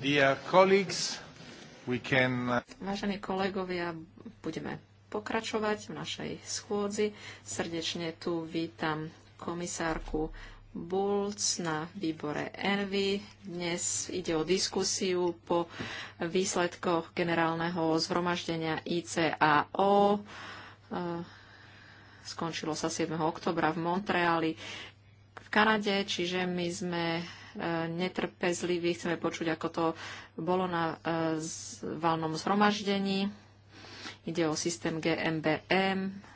Uh, Vážení kolegovia, budeme pokračovať v našej schôdzi. Srdečne tu vítam komisárku Bulc na výbore Envy. Dnes ide o diskusiu po výsledkoch generálneho zhromaždenia ICAO. Eh, skončilo sa 7. oktobra v Montreali v Kanade, čiže my sme E, netrpezliví, chceme počuť, ako to bolo na e, valnom zhromaždení. Ide o systém GMBM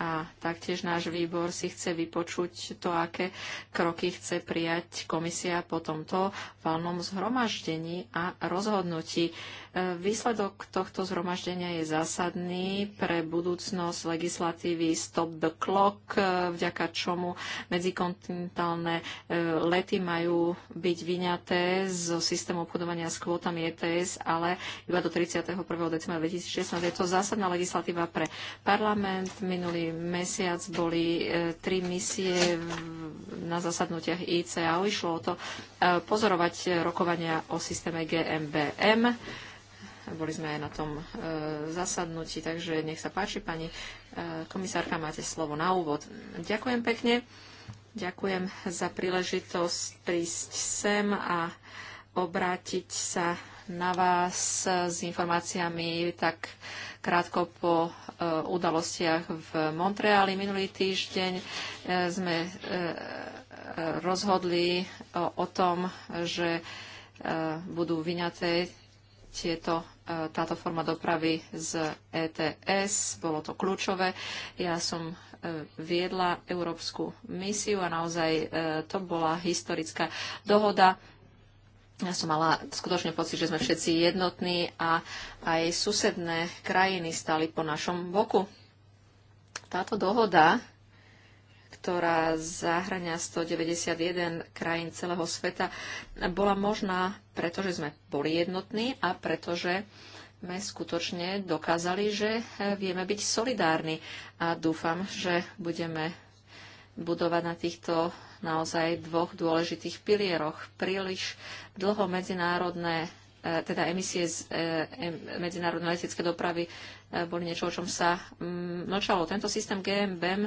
a taktiež náš výbor si chce vypočuť to, aké kroky chce prijať komisia po tomto valnom zhromaždení a rozhodnutí. Výsledok tohto zhromaždenia je zásadný pre budúcnosť legislatívy Stop the Clock, eh, vďaka čomu medzikontinentálne eh, lety majú byť vyňaté zo systému obchodovania s kvótami ETS, ale iba do 31. decembra 2016. Je to zásadná legislatíva pre parlament. Minulý mesiac boli eh, tri misie na zasadnutiach ICAO. Išlo o to pozorovať rokovania o systéme GMBM. Boli sme aj na tom e, zasadnutí, takže nech sa páči, pani e, komisárka, máte slovo na úvod. Ďakujem pekne, ďakujem za príležitosť prísť sem a obrátiť sa na vás s informáciami tak krátko po e, udalostiach v Montreali minulý týždeň. E, sme e, rozhodli o, o tom, že e, budú vyňaté tieto E, táto forma dopravy z ETS. Bolo to kľúčové. Ja som e, viedla európsku misiu a naozaj e, to bola historická dohoda. Ja som mala skutočne pocit, že sme všetci jednotní a aj susedné krajiny stali po našom boku. Táto dohoda ktorá zahrania 191 krajín celého sveta, bola možná, pretože sme boli jednotní a pretože sme skutočne dokázali, že vieme byť solidárni. A dúfam, že budeme budovať na týchto naozaj dvoch dôležitých pilieroch. Príliš dlho medzinárodné e, teda emisie z e, medzinárodnej letecké dopravy e, boli niečo, o čom sa mm, mlčalo. Tento systém GMBM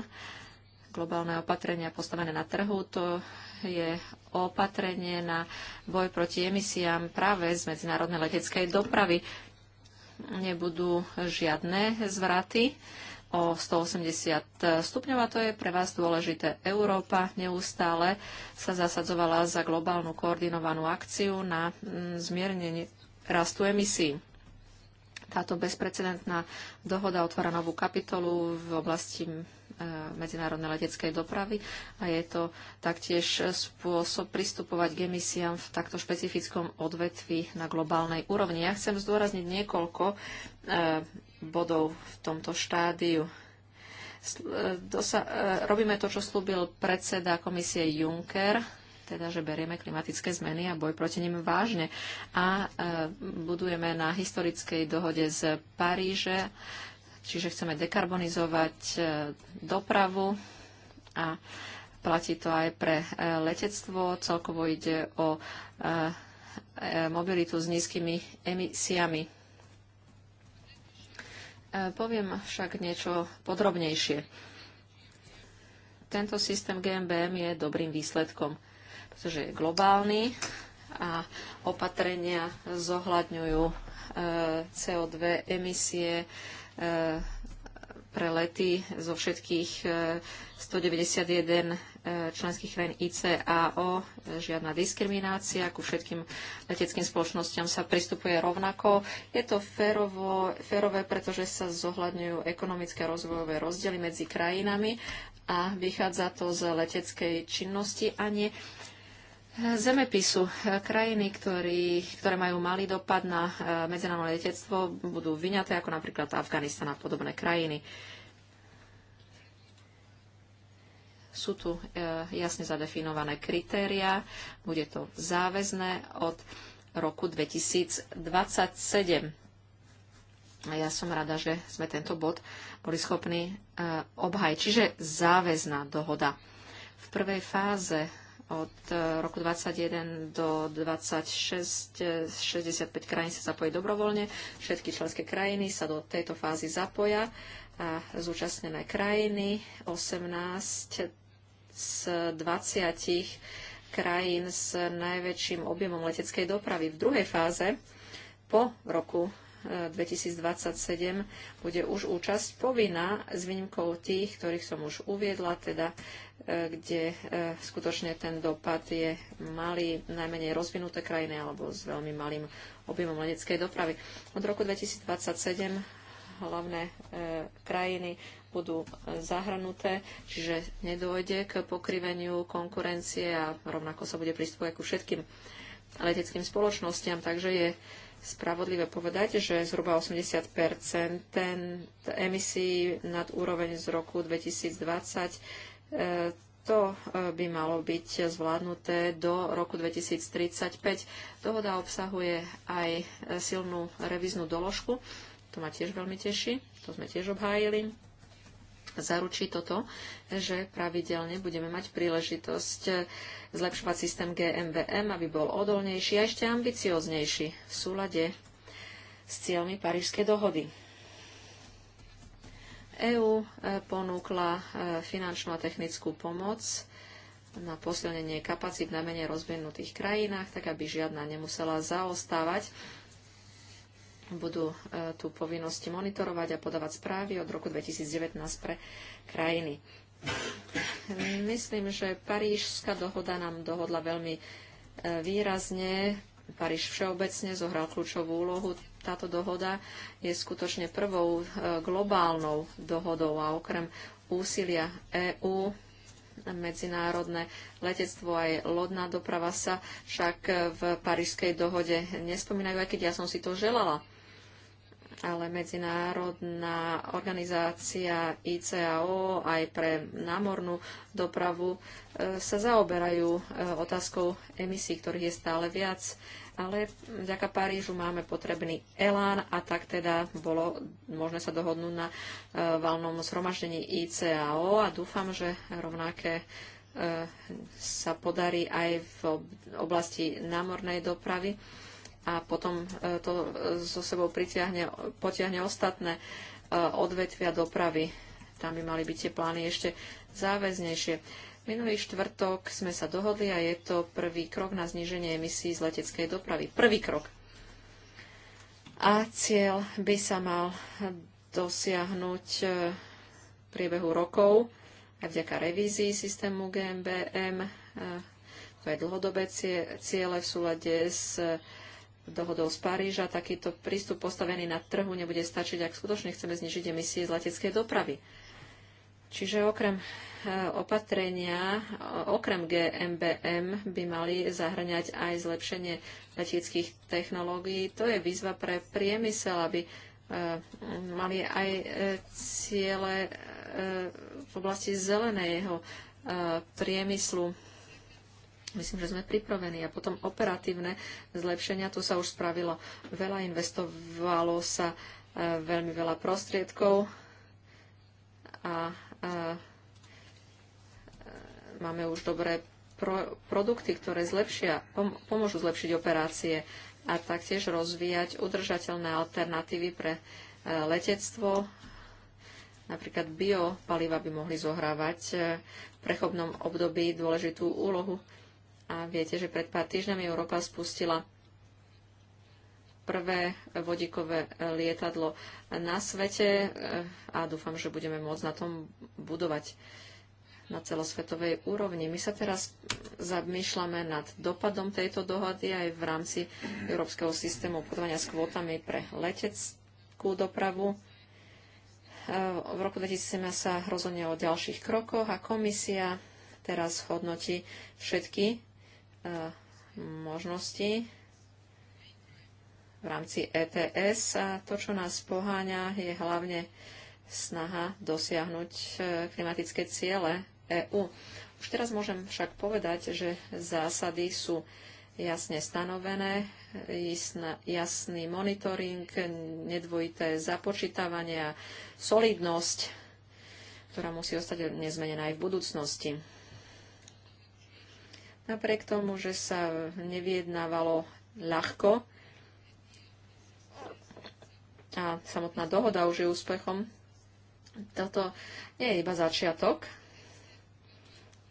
globálne opatrenia postavené na trhu. To je opatrenie na boj proti emisiám práve z medzinárodnej leteckej dopravy. Nebudú žiadne zvraty o 180 stupňov a to je pre vás dôležité. Európa neustále sa zasadzovala za globálnu koordinovanú akciu na mm, zmiernenie rastu emisí. Táto bezprecedentná dohoda otvára novú kapitolu v oblasti E, medzinárodnej leteckej dopravy a je to taktiež spôsob pristupovať k emisiám v takto špecifickom odvetvi na globálnej úrovni. Ja chcem zdôrazniť niekoľko e, bodov v tomto štádiu. E, robíme to, čo slúbil predseda komisie Juncker teda, že berieme klimatické zmeny a boj proti nim vážne. A e, budujeme na historickej dohode z Paríže Čiže chceme dekarbonizovať e, dopravu a platí to aj pre e, letectvo. Celkovo ide o e, mobilitu s nízkymi emisiami. Poviem však niečo podrobnejšie. Tento systém GMBM je dobrým výsledkom, pretože je globálny a opatrenia zohľadňujú CO2 emisie, Eh, pre lety zo všetkých 191 eh, eh, členských krajín ICAO, žiadna diskriminácia, ku všetkým leteckým spoločnosťam sa pristupuje rovnako. Je to férovo, férové, pretože sa zohľadňujú ekonomické a rozvojové rozdiely medzi krajinami a vychádza to z leteckej činnosti a nie zemepisu. Krajiny, ktorý, ktoré majú malý dopad na eh, medzinárodné letectvo, budú vyňaté, ako napríklad Afganistan a podobné krajiny. Sú tu eh, jasne zadefinované kritéria, bude to záväzné od roku 2027. A ja som rada, že sme tento bod boli schopní eh, obhajiť. Čiže záväzná dohoda. V prvej fáze od e, roku 21 do 26, 65 e, krajín sa zapojí dobrovoľne. Všetky členské krajiny sa do tejto fázy zapoja. A zúčastnené krajiny, 18 z 20 krajín s najväčším objemom leteckej dopravy. V druhej fáze po roku 2027 e, bude už účasť povinná s výnimkou tých, ktorých som už uviedla, teda Eh, kde eh, skutočne ten dopad je malý, najmenej rozvinuté krajiny alebo s veľmi malým objemom leteckej dopravy. Od roku 2027 hlavné eh, krajiny budú zahrnuté, čiže nedôjde k pokriveniu konkurencie a rovnako sa bude pristupovať ku všetkým leteckým spoločnostiam, takže je spravodlivé povedať, že zhruba 80 emisí nad úroveň z roku 2020 to e, by malo byť zvládnuté do roku 2035. Dohoda obsahuje aj e, silnú reviznú doložku. To ma tiež veľmi teší. To sme tiež obhájili zaručí toto, že pravidelne budeme mať príležitosť e, zlepšovať systém GMBM, aby bol odolnejší a ešte ambicioznejší v súlade s cieľmi Parížskej dohody. EÚ e, ponúkla e, finančnú a technickú pomoc na posilnenie kapacít na najmenej rozvinutých krajinách, tak aby žiadna nemusela zaostávať. Budú e, tu povinnosti monitorovať a podávať správy od roku 2019 pre krajiny. Myslím, že Parížská dohoda nám dohodla veľmi výrazne Paríž všeobecne zohral kľúčovú úlohu. Táto dohoda je skutočne prvou e, globálnou dohodou a okrem úsilia EÚ medzinárodné letectvo aj lodná doprava sa však v parížskej dohode nespomínajú, aj keď ja som si to želala ale medzinárodná organizácia ICAO aj pre námornú dopravu e, sa zaoberajú e, otázkou emisí, ktorých je stále viac. Ale vďaka Parížu máme potrebný elán a tak teda bolo možné sa dohodnúť na e, valnom zhromaždení ICAO a dúfam, že rovnaké sa podarí aj v oblasti námornej dopravy a potom e, to e, so sebou pritiahne, potiahne ostatné e, odvetvia dopravy. Tam by mali byť tie plány ešte záväznejšie. Minulý štvrtok sme sa dohodli a je to prvý krok na zníženie emisí z leteckej dopravy. Prvý krok. A cieľ by sa mal dosiahnuť v priebehu rokov aj vďaka revízii systému GMBM. To je dlhodobé ciele v súlade s dohodou z Paríža. Takýto prístup postavený na trhu nebude stačiť, ak skutočne chceme znižiť emisie z leteckej dopravy. Čiže okrem eh, opatrenia, okrem GMBM by mali zahrňať aj zlepšenie leteckých technológií. To je výzva pre priemysel, aby eh, mali aj eh, ciele v oblasti zeleného priemyslu. Myslím, že sme pripravení. A potom operatívne zlepšenia, tu sa už spravilo veľa, investovalo sa e, veľmi veľa prostriedkov a, a e, e, máme už dobré pro, produkty, ktoré zlepšia, pom, pomôžu zlepšiť operácie a taktiež rozvíjať udržateľné alternatívy pre letectvo. Napríklad biopaliva by mohli zohrávať v prechodnom období dôležitú úlohu. A viete, že pred pár týždňami Európa spustila prvé vodíkové lietadlo na svete eh, a dúfam, že budeme môcť na tom budovať na celosvetovej úrovni. My sa teraz zamýšľame nad dopadom tejto dohody aj v rámci Európskeho systému obchodovania s kvótami pre leteckú dopravu. Eh, v roku 2017 sa rozhodne o ďalších krokoch a komisia teraz hodnotí všetky E, možnosti v rámci ETS a to, čo nás poháňa, je hlavne snaha dosiahnuť e, klimatické ciele EÚ. Už teraz môžem však povedať, že zásady sú jasne stanovené, jasný monitoring, nedvojité započítavanie a solidnosť, ktorá musí ostať nezmenená aj v budúcnosti. Napriek tomu, že sa nevyjednávalo ľahko a samotná dohoda už je úspechom, toto nie je iba začiatok.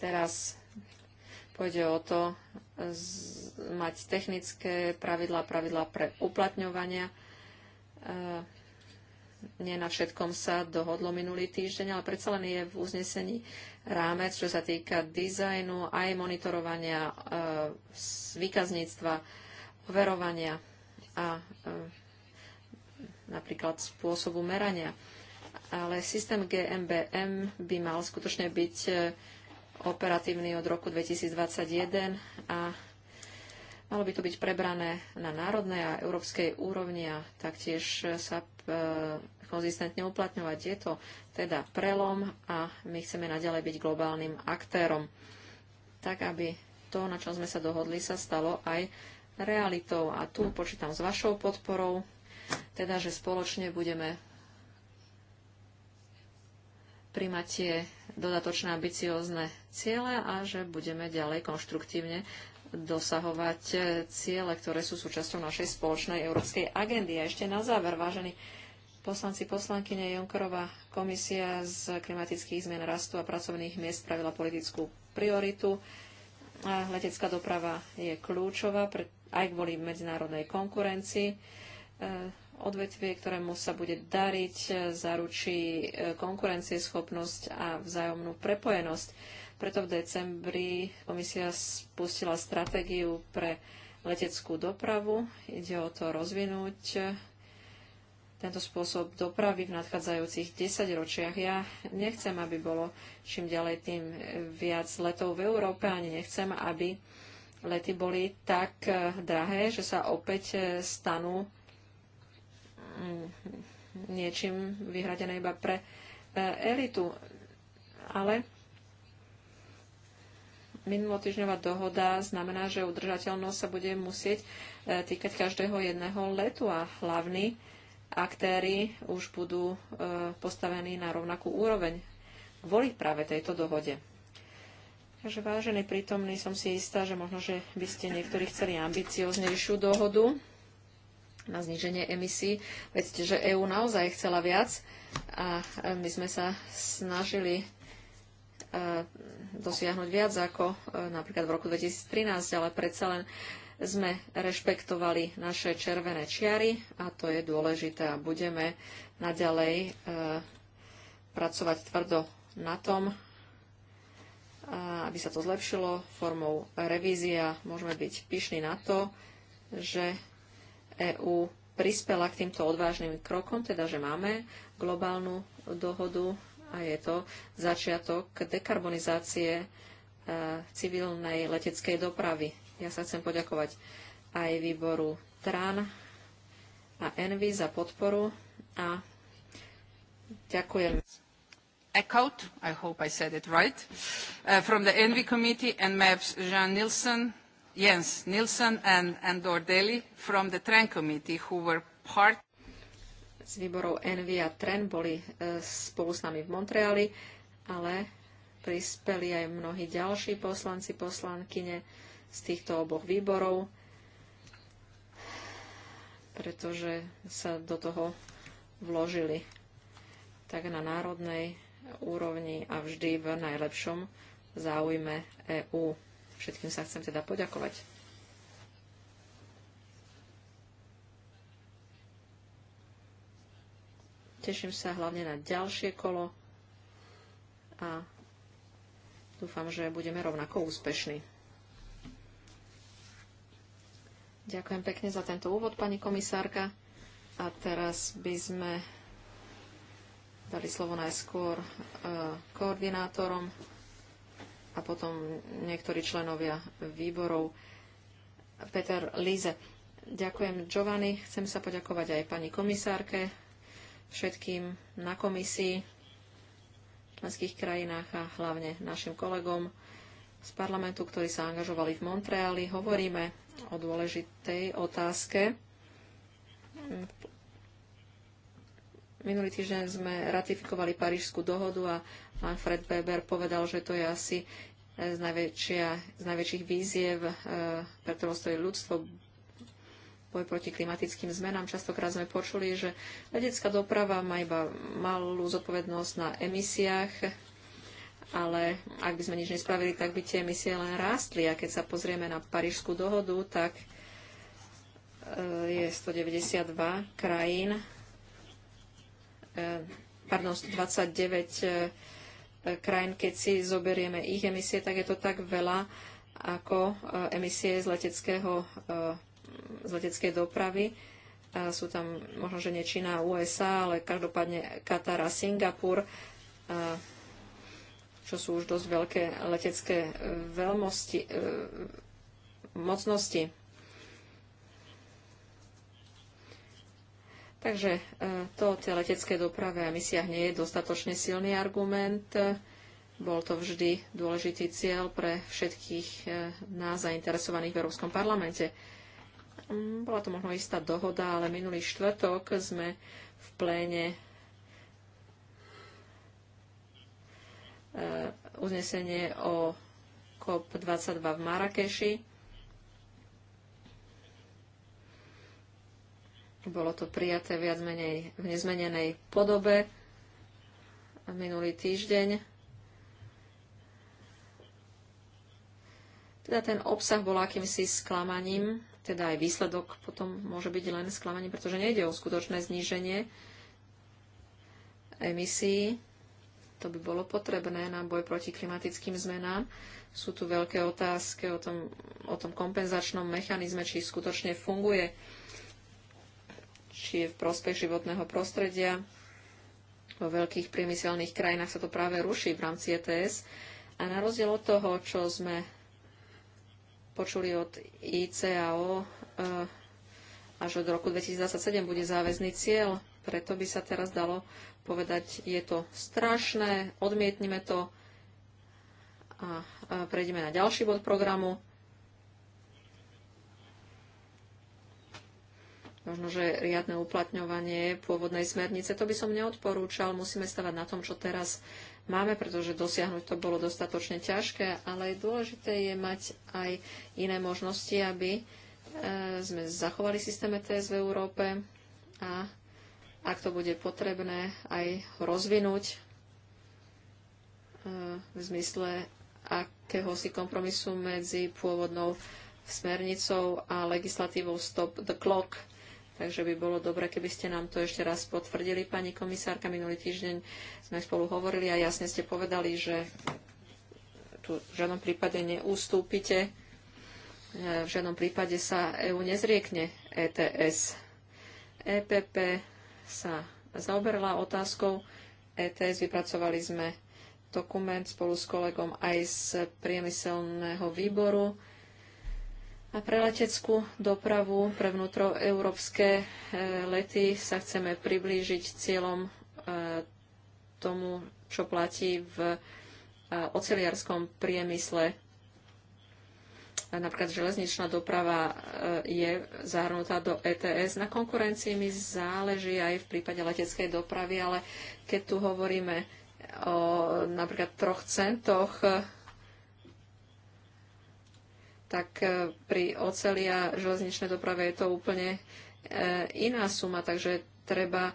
Teraz pôjde o to mať technické pravidlá, pravidlá pre uplatňovania. E, nie na všetkom sa dohodlo minulý týždeň, ale predsa len je v uznesení rámec, čo sa týka dizajnu, aj monitorovania, e, výkazníctva, overovania a e, napríklad spôsobu merania. Ale systém GMBM by mal skutočne byť e, operatívny od roku 2021 a malo by to byť prebrané na národnej a európskej úrovni a taktiež sa konzistentne uplatňovať. Je to teda prelom a my chceme naďalej byť globálnym aktérom, tak aby to, na čom sme sa dohodli, sa stalo aj realitou. A tu počítam s vašou podporou, teda, že spoločne budeme príjmať tie dodatočné ambiciózne ciele a že budeme ďalej konštruktívne dosahovať ciele, ktoré sú súčasťou našej spoločnej európskej agendy. A ešte na záver, vážení Poslanci, poslankyne Jonkorová komisia z klimatických zmien rastu a pracovných miest spravila politickú prioritu. A letecká doprava je kľúčová pre, aj kvôli medzinárodnej konkurencii. E, odvetvie, ktorému sa bude dariť, e, zaručí e, konkurencieschopnosť a vzájomnú prepojenosť. Preto v decembri komisia spustila stratégiu pre leteckú dopravu. Ide o to rozvinúť tento spôsob dopravy v nadchádzajúcich 10 ročiach. Ja nechcem, aby bolo čím ďalej tým viac letov v Európe, ani nechcem, aby lety boli tak eh, drahé, že sa opäť eh, stanú mm, niečím vyhradené iba pre eh, elitu. Ale minulotýžňová dohoda znamená, že udržateľnosť sa bude musieť týkať každého jedného letu a hlavný aktéry už budú e, postavení na rovnakú úroveň kvôli práve tejto dohode. Takže vážený prítomný, som si istá, že možno, že by ste niektorí chceli ambicioznejšiu dohodu na zniženie emisí. Vedzte, že EÚ naozaj chcela viac a e, my sme sa snažili e, dosiahnuť viac ako napríklad v roku 2013, ale predsa len sme rešpektovali naše červené čiary a to je dôležité a budeme naďalej e, pracovať tvrdo na tom, a e, aby sa to zlepšilo formou revízia. Môžeme byť pyšní na to, že EÚ prispela k týmto odvážnym krokom, teda že máme globálnu dohodu a je to začiatok dekarbonizácie e, civilnej leteckej dopravy ja sa chcem poďakovať aj výboru TRAN a ENVY za podporu a ďakujem. Echoed, I hope I said it right, uh, from the ENVY committee and maps Jean Nielsen, Jens Nielsen and Andor Deli from the TRAN committee who were part s výborov Envy a Tren boli e, spolu s nami v Montreali, ale prispeli aj mnohí ďalší poslanci, poslankyne z týchto oboch výborov, pretože sa do toho vložili tak na národnej úrovni a vždy v najlepšom záujme EÚ. Všetkým sa chcem teda poďakovať. Teším sa hlavne na ďalšie kolo a dúfam, že budeme rovnako úspešní. Ďakujem pekne za tento úvod, pani komisárka. A teraz by sme dali slovo najskôr e, koordinátorom a potom niektorí členovia výborov. Peter Líze. Ďakujem Giovanni. Chcem sa poďakovať aj pani komisárke, všetkým na komisii v členských krajinách a hlavne našim kolegom z parlamentu, ktorí sa angažovali v Montreali. Hovoríme o dôležitej otázke. Minulý týždeň sme ratifikovali Parížskú dohodu a Manfred Weber povedal, že to je asi z, najväčšia, z najväčších víziev, e, pre stojí ľudstvo, boj proti klimatickým zmenám. Častokrát sme počuli, že letecká doprava má iba malú zodpovednosť na emisiách ale ak by sme nič nespravili, tak by tie emisie len rástli. A keď sa pozrieme na Parížskú dohodu, tak e, je 192 krajín, e, pardon, 129 e, krajín, keď si zoberieme ich emisie, tak je to tak veľa ako emisie z, leteckého, z leteckej dopravy. Sú tam možno, že nie USA, ale každopádne Katar a Singapur čo sú už dosť veľké letecké e, veľmosti, e, mocnosti. Takže e, to tie letecké doprave a misiach nie je dostatočne silný argument. Bol to vždy dôležitý cieľ pre všetkých nás zainteresovaných v Európskom parlamente. Mm, bola to možno istá dohoda, ale minulý štvrtok sme v pléne Eh, uznesenie o COP22 v Marrakeši. Bolo to prijaté viac menej v nezmenenej podobe minulý týždeň. Teda ten obsah bol akýmsi sklamaním, teda aj výsledok potom môže byť len sklamaním, pretože nejde o skutočné zníženie emisí to by bolo potrebné na boj proti klimatickým zmenám. Sú tu veľké otázky o tom, o tom kompenzačnom mechanizme, či skutočne funguje, či je v prospech životného prostredia. Vo veľkých priemyselných krajinách sa to práve ruší v rámci ETS. A na rozdiel od toho, čo sme počuli od ICAO, eh, až od roku 2027 bude záväzný cieľ preto by sa teraz dalo povedať, je to strašné, odmietnime to a prejdeme na ďalší bod programu. Možno, že riadne uplatňovanie pôvodnej smernice, to by som neodporúčal. Musíme stavať na tom, čo teraz máme, pretože dosiahnuť to bolo dostatočne ťažké, ale dôležité je mať aj iné možnosti, aby e, sme zachovali systém ETS v Európe a ak to bude potrebné, aj rozvinúť e, v zmysle akéhosi kompromisu medzi pôvodnou smernicou a legislatívou Stop the Clock. Takže by bolo dobre, keby ste nám to ešte raz potvrdili, pani komisárka. Minulý týždeň sme spolu hovorili a jasne ste povedali, že tu v žiadnom prípade neustúpite, e, v žiadnom prípade sa EÚ nezriekne ETS. EPP sa zaoberala otázkou ETS. Vypracovali sme dokument spolu s kolegom aj z priemyselného výboru a pre leteckú dopravu, pre vnútroeurópske e, lety sa chceme priblížiť cieľom e, tomu, čo platí v e, oceliarskom priemysle Napríklad železničná doprava e, je zahrnutá do ETS. Na konkurencii mi záleží aj v prípade leteckej dopravy, ale keď tu hovoríme o napríklad troch centoch, tak e, pri oceli a železničnej doprave je to úplne e, iná suma, takže treba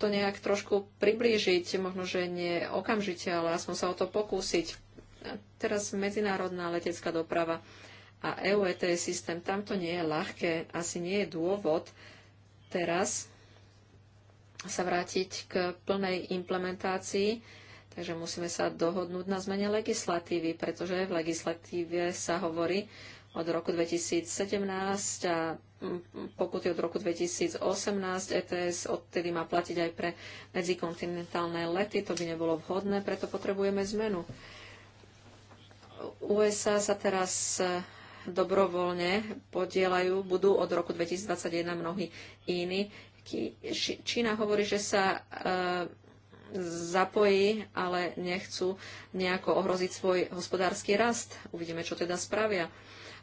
to nejak trošku priblížiť, možno, že nie okamžite, ale aspoň sa o to pokúsiť. Teraz medzinárodná letecká doprava a EU ETS systém, tam to nie je ľahké, asi nie je dôvod teraz sa vrátiť k plnej implementácii, takže musíme sa dohodnúť na zmene legislatívy, pretože v legislatíve sa hovorí od roku 2017 a mm, pokuty od roku 2018 ETS odtedy má platiť aj pre medzikontinentálne lety, to by nebolo vhodné, preto potrebujeme zmenu. USA sa teraz e, dobrovoľne podielajú, budú od roku 2021 mnohí iní. Čína hovorí, že sa e, zapojí, ale nechcú nejako ohroziť svoj hospodársky rast. Uvidíme, čo teda spravia.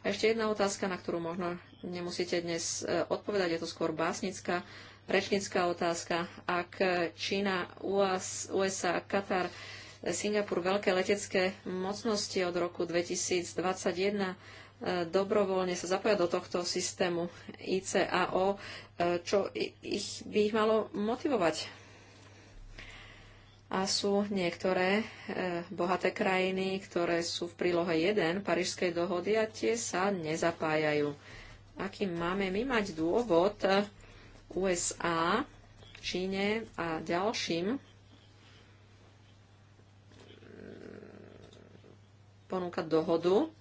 A ešte jedna otázka, na ktorú možno nemusíte dnes e, odpovedať, je to skôr básnická, rečnická otázka. Ak Čína, USA, Katar Singapur veľké letecké mocnosti od roku 2021 e, dobrovoľne sa zapoja do tohto systému ICAO, e, čo ich by ich malo motivovať. A sú niektoré e, bohaté krajiny, ktoré sú v prílohe 1 Parížskej dohody a tie sa nezapájajú. Aký máme my mať dôvod USA, Číne a ďalším ponúka dohodu,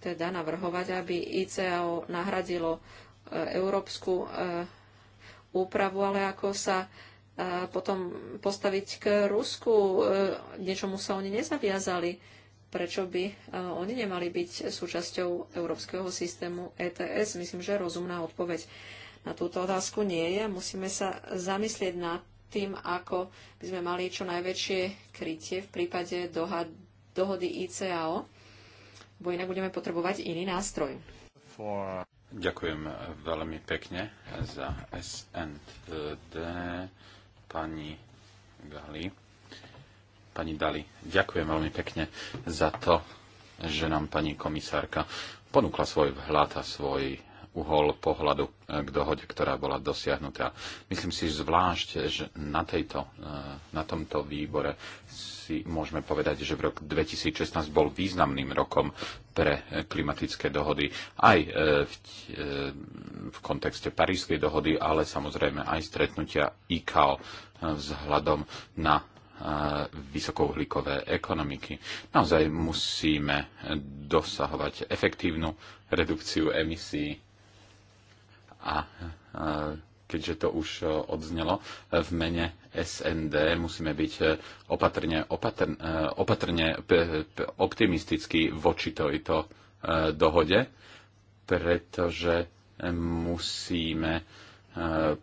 teda navrhovať, aby ICAO nahradilo e, európsku e, úpravu, ale ako sa e, potom postaviť k Rusku. Niečomu sa oni nezaviazali. Prečo by oni nemali byť súčasťou európskeho systému ETS? Myslím, že rozumná odpoveď na túto otázku nie je. Musíme sa zamyslieť nad tým, ako by sme mali čo najväčšie krytie v prípade doha dohody ICAO, bo inak budeme potrebovať iný nástroj. For... Ďakujem veľmi pekne za SND pani Gali. Pani Dali, ďakujem veľmi pekne za to, že nám pani komisárka ponúkla svoj vhľad a svoj uhol pohľadu eh, k dohode, ktorá bola dosiahnutá. Myslím si že zvlášť, že na, tejto, eh, na tomto výbore si môžeme povedať, že v roku 2016 bol významným rokom pre e, klimatické dohody aj e, v, e, v kontexte Parískej dohody, ale samozrejme aj stretnutia ICAO vzhľadom na vysokouhlíkové ekonomiky. Naozaj musíme dosahovať efektívnu redukciu emisí a keďže to už e, odznelo, e, v mene SND musíme byť e, opatrne, opatrne, opatrne optimistickí voči tejto dohode, pretože musíme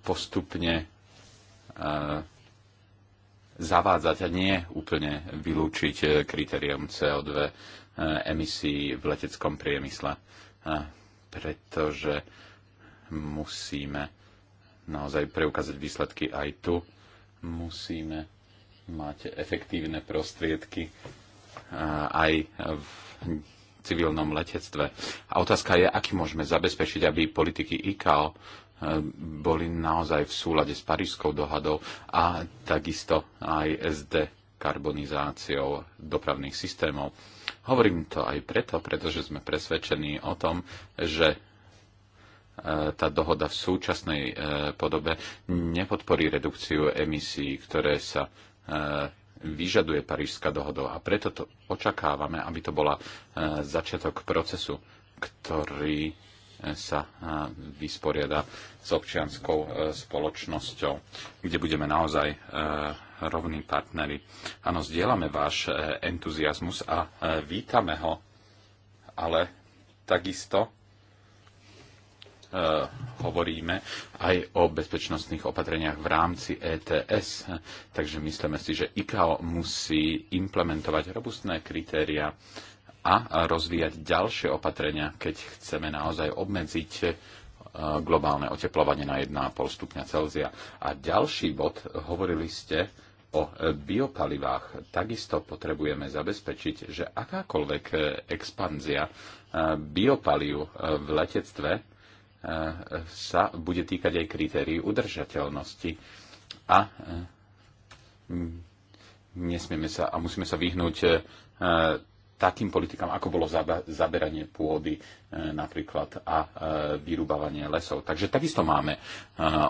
postupne zavádzať a nie úplne vylúčiť kritérium CO2 emisí v leteckom priemysle, pretože musíme naozaj preukázať výsledky aj tu, musíme mať efektívne prostriedky aj v civilnom letectve. A otázka je, aký môžeme zabezpečiť, aby politiky ICAO e, boli naozaj v súlade s Parískou dohadou a takisto aj SD karbonizáciou dopravných systémov. Hovorím to aj preto, pretože sme presvedčení o tom, že tá dohoda v súčasnej e, podobe nepodporí redukciu emisí, ktoré sa e, vyžaduje Parížská dohoda. A preto to očakávame, aby to bola e, začiatok procesu, ktorý sa vysporiada s občianskou spoločnosťou, kde budeme naozaj rovní partneri. Áno, zdieľame váš entuziasmus a vítame ho, ale takisto Eh, hovoríme aj o bezpečnostných opatreniach v rámci ETS, takže myslíme si, že ICAO musí implementovať robustné kritéria a rozvíjať ďalšie opatrenia, keď chceme naozaj obmedziť eh, globálne oteplovanie na 1,5 stupňa Celzia. A ďalší bod, hovorili ste o eh, biopalivách. Takisto potrebujeme zabezpečiť, že akákoľvek expanzia biopaliu v letectve sa bude týkať aj kritérií udržateľnosti a mm, nesmieme sa a musíme sa vyhnúť e, takým politikám, ako bolo zaberanie pôdy e, napríklad a e, vyrúbavanie lesov. Takže takisto máme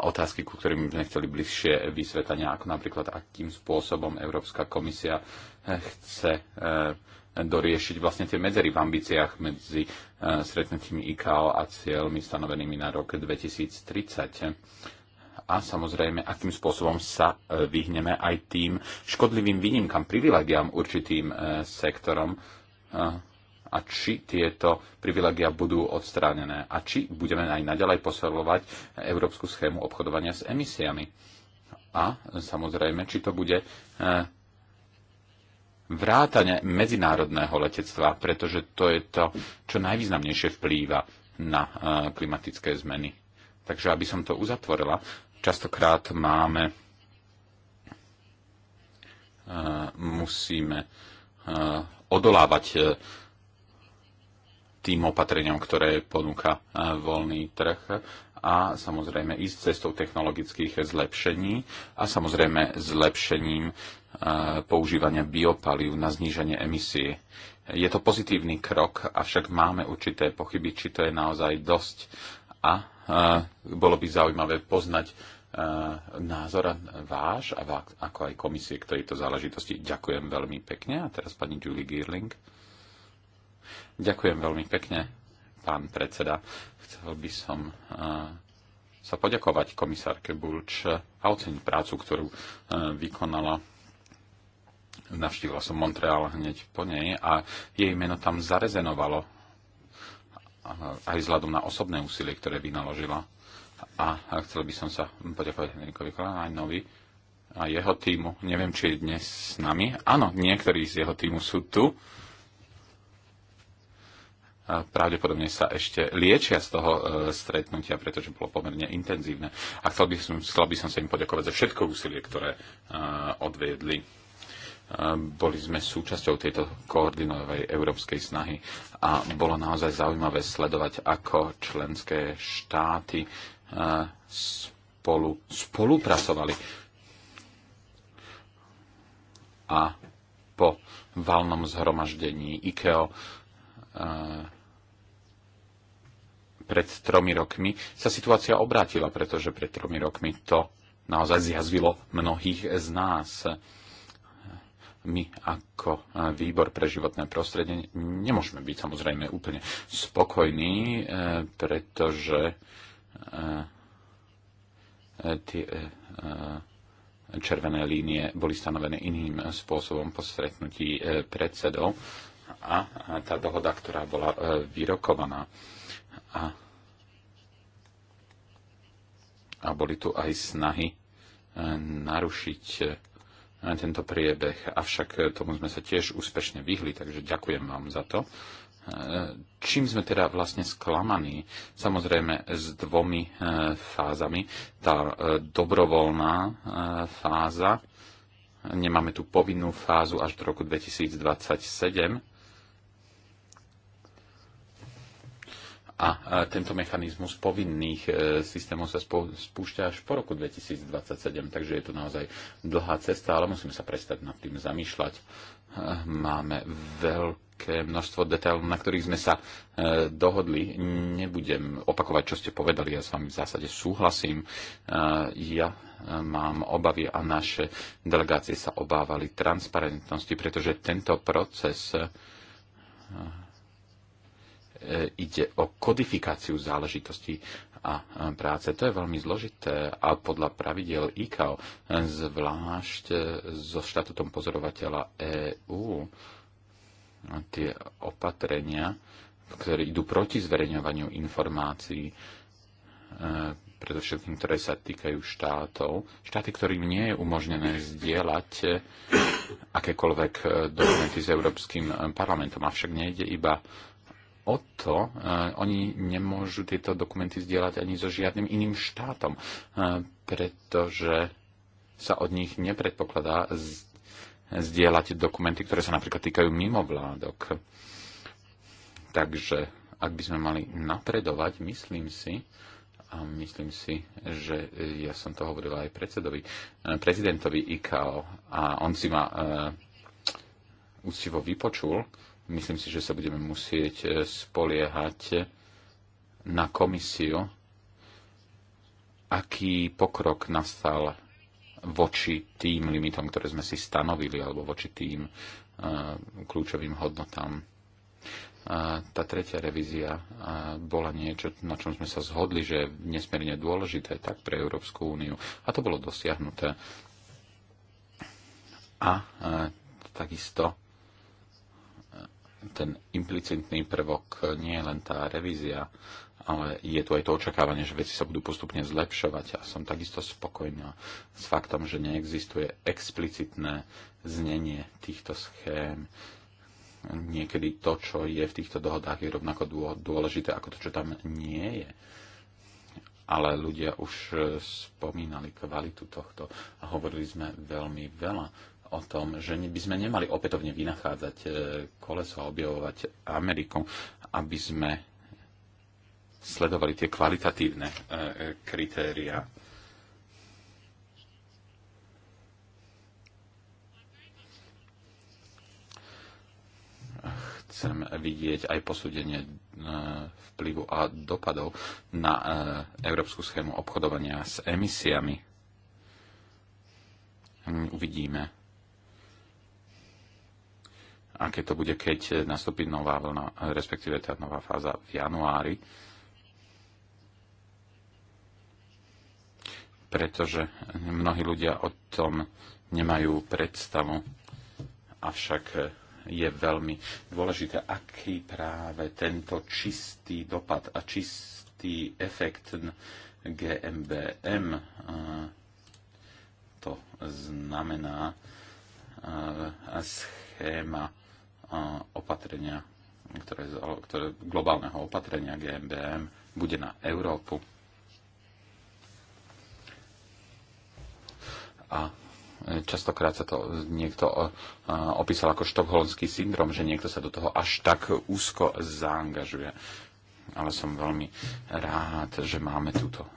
otázky, ku ktorým sme chceli bližšie vysvetlenia, ako napríklad akým spôsobom Európska komisia chce doriešiť vlastne tie medzery v ambíciách medzi e, stretnutími IKAO a cieľmi stanovenými na rok 2030 a samozrejme, akým spôsobom sa e, vyhneme aj tým škodlivým výnimkám, privilegiám určitým e, sektorom a či tieto privilegia budú odstránené a či budeme aj naďalej posilovať európsku schému obchodovania s emisiami. A samozrejme, či to bude vrátane medzinárodného letectva, pretože to je to, čo najvýznamnejšie vplýva na e, klimatické zmeny. Takže aby som to uzatvorila, častokrát máme, e, musíme e, odolávať tým opatreniam, ktoré ponúka voľný trh a samozrejme ísť cestou technologických zlepšení a samozrejme zlepšením používania biopalív na zníženie emisí. Je to pozitívny krok, avšak máme určité pochyby, či to je naozaj dosť. A bolo by zaujímavé poznať názor váš a ako aj komisie k tejto záležitosti. Ďakujem veľmi pekne. A teraz pani Julie Girling. Ďakujem veľmi pekne, pán predseda. Chcel by som sa poďakovať komisárke Bulč a oceniť prácu, ktorú vykonala Navštívila som Montreal hneď po nej a jej meno tam zarezenovalo aj vzhľadom na osobné úsilie, ktoré vynaložila. A chcel by som sa poďakovať Henrikovi Kalánovi a jeho týmu. Neviem, či je dnes s nami. Áno, niektorí z jeho týmu sú tu. A pravdepodobne sa ešte liečia z toho e, stretnutia, pretože bolo pomerne intenzívne. A chcel by som, chcel by som sa im poďakovať za všetko úsilie, ktoré e, odviedli boli sme súčasťou tejto koordinovej európskej snahy a bolo naozaj zaujímavé sledovať, ako členské štáty e, spolu, spolupracovali. A po valnom zhromaždení IKEO e, pred tromi rokmi sa situácia obrátila, pretože pred tromi rokmi to naozaj zjazvilo mnohých z nás my ako e, výbor pre životné prostredie nemôžeme byť samozrejme úplne spokojní, e, pretože e, tie červené línie boli stanovené iným spôsobom po stretnutí predsedov a tá dohoda, ktorá bola vyrokovaná. A, a boli tu aj snahy narušiť tento priebeh, avšak tomu sme sa tiež úspešne vyhli, takže ďakujem vám za to. E, čím sme teda vlastne sklamaní? Samozrejme s dvomi e, fázami. Tá e, dobrovoľná fáza, nemáme tu povinnú fázu až do roku 2027, a tento mechanizmus povinných e, systémov sa spúšťa až po roku 2027, takže je to naozaj dlhá cesta, ale musíme sa prestať nad tým zamýšľať. E, máme veľké množstvo detailov, na ktorých sme sa e, dohodli. Nebudem opakovať, čo ste povedali, ja s vami v zásade súhlasím. Ja mám obavy a naše delegácie sa obávali transparentnosti, pretože tento proces E, ide o kodifikáciu záležitostí a e, práce. To je veľmi zložité a podľa pravidel ICAO, e, zvlášť so štatutom pozorovateľa EÚ, tie opatrenia, ktoré idú proti zverejňovaniu informácií, predovšetkým, ktoré sa týkajú štátov, štáty, ktorým nie je umožnené zdieľať akékoľvek dokumenty s Európskym parlamentom. Avšak nejde iba o to, e, oni nemôžu tieto dokumenty vzdielať ani so žiadnym iným štátom, e, pretože sa od nich nepredpokladá zdieľať dokumenty, ktoré sa napríklad týkajú mimovládok. Takže ak by sme mali napredovať, myslím si, a myslím si, že ja som to hovoril aj predsedovi, e, prezidentovi IKO a on si ma úctivo vypočul, Myslím si, že sa budeme musieť e, spoliehať na komisiu, aký pokrok nastal voči tým limitom, ktoré sme si stanovili, alebo voči tým e, kľúčovým hodnotám. E, tá tretia revízia bola niečo, na čom sme sa zhodli, že je nesmierne dôležité tak pre Európsku úniu. A to bolo dosiahnuté. A takisto ten implicitný prvok nie je len tá revízia, ale je tu aj to očakávanie, že veci sa budú postupne zlepšovať a som takisto spokojná s faktom, že neexistuje explicitné znenie týchto schém. Niekedy to, čo je v týchto dohodách, je rovnako dôležité ako to, čo tam nie je. Ale ľudia už eh, spomínali kvalitu tohto a hovorili sme veľmi veľa o tom, že by sme nemali opätovne vynachádzať e, koleso a objavovať Ameriku, aby sme sledovali tie kvalitatívne e, e, kritéria. Chcem vidieť aj posúdenie vplyvu a dopadov na európsku schému obchodovania s emisiami. Uvidíme aké to bude, keď nastúpi nová vlna, respektíve tá nová fáza v januári. Pretože mnohí ľudia o tom nemajú predstavu, avšak je veľmi dôležité, aký práve tento čistý dopad a čistý efekt GMBM e, to znamená e, schéma opatrenia, ktoré, ktoré, globálneho opatrenia GMBM bude na Európu. A e, častokrát sa to niekto e, opísal ako štokholmský syndrom, že niekto sa do toho až tak úzko zaangažuje. Ale som veľmi rád, že máme túto e,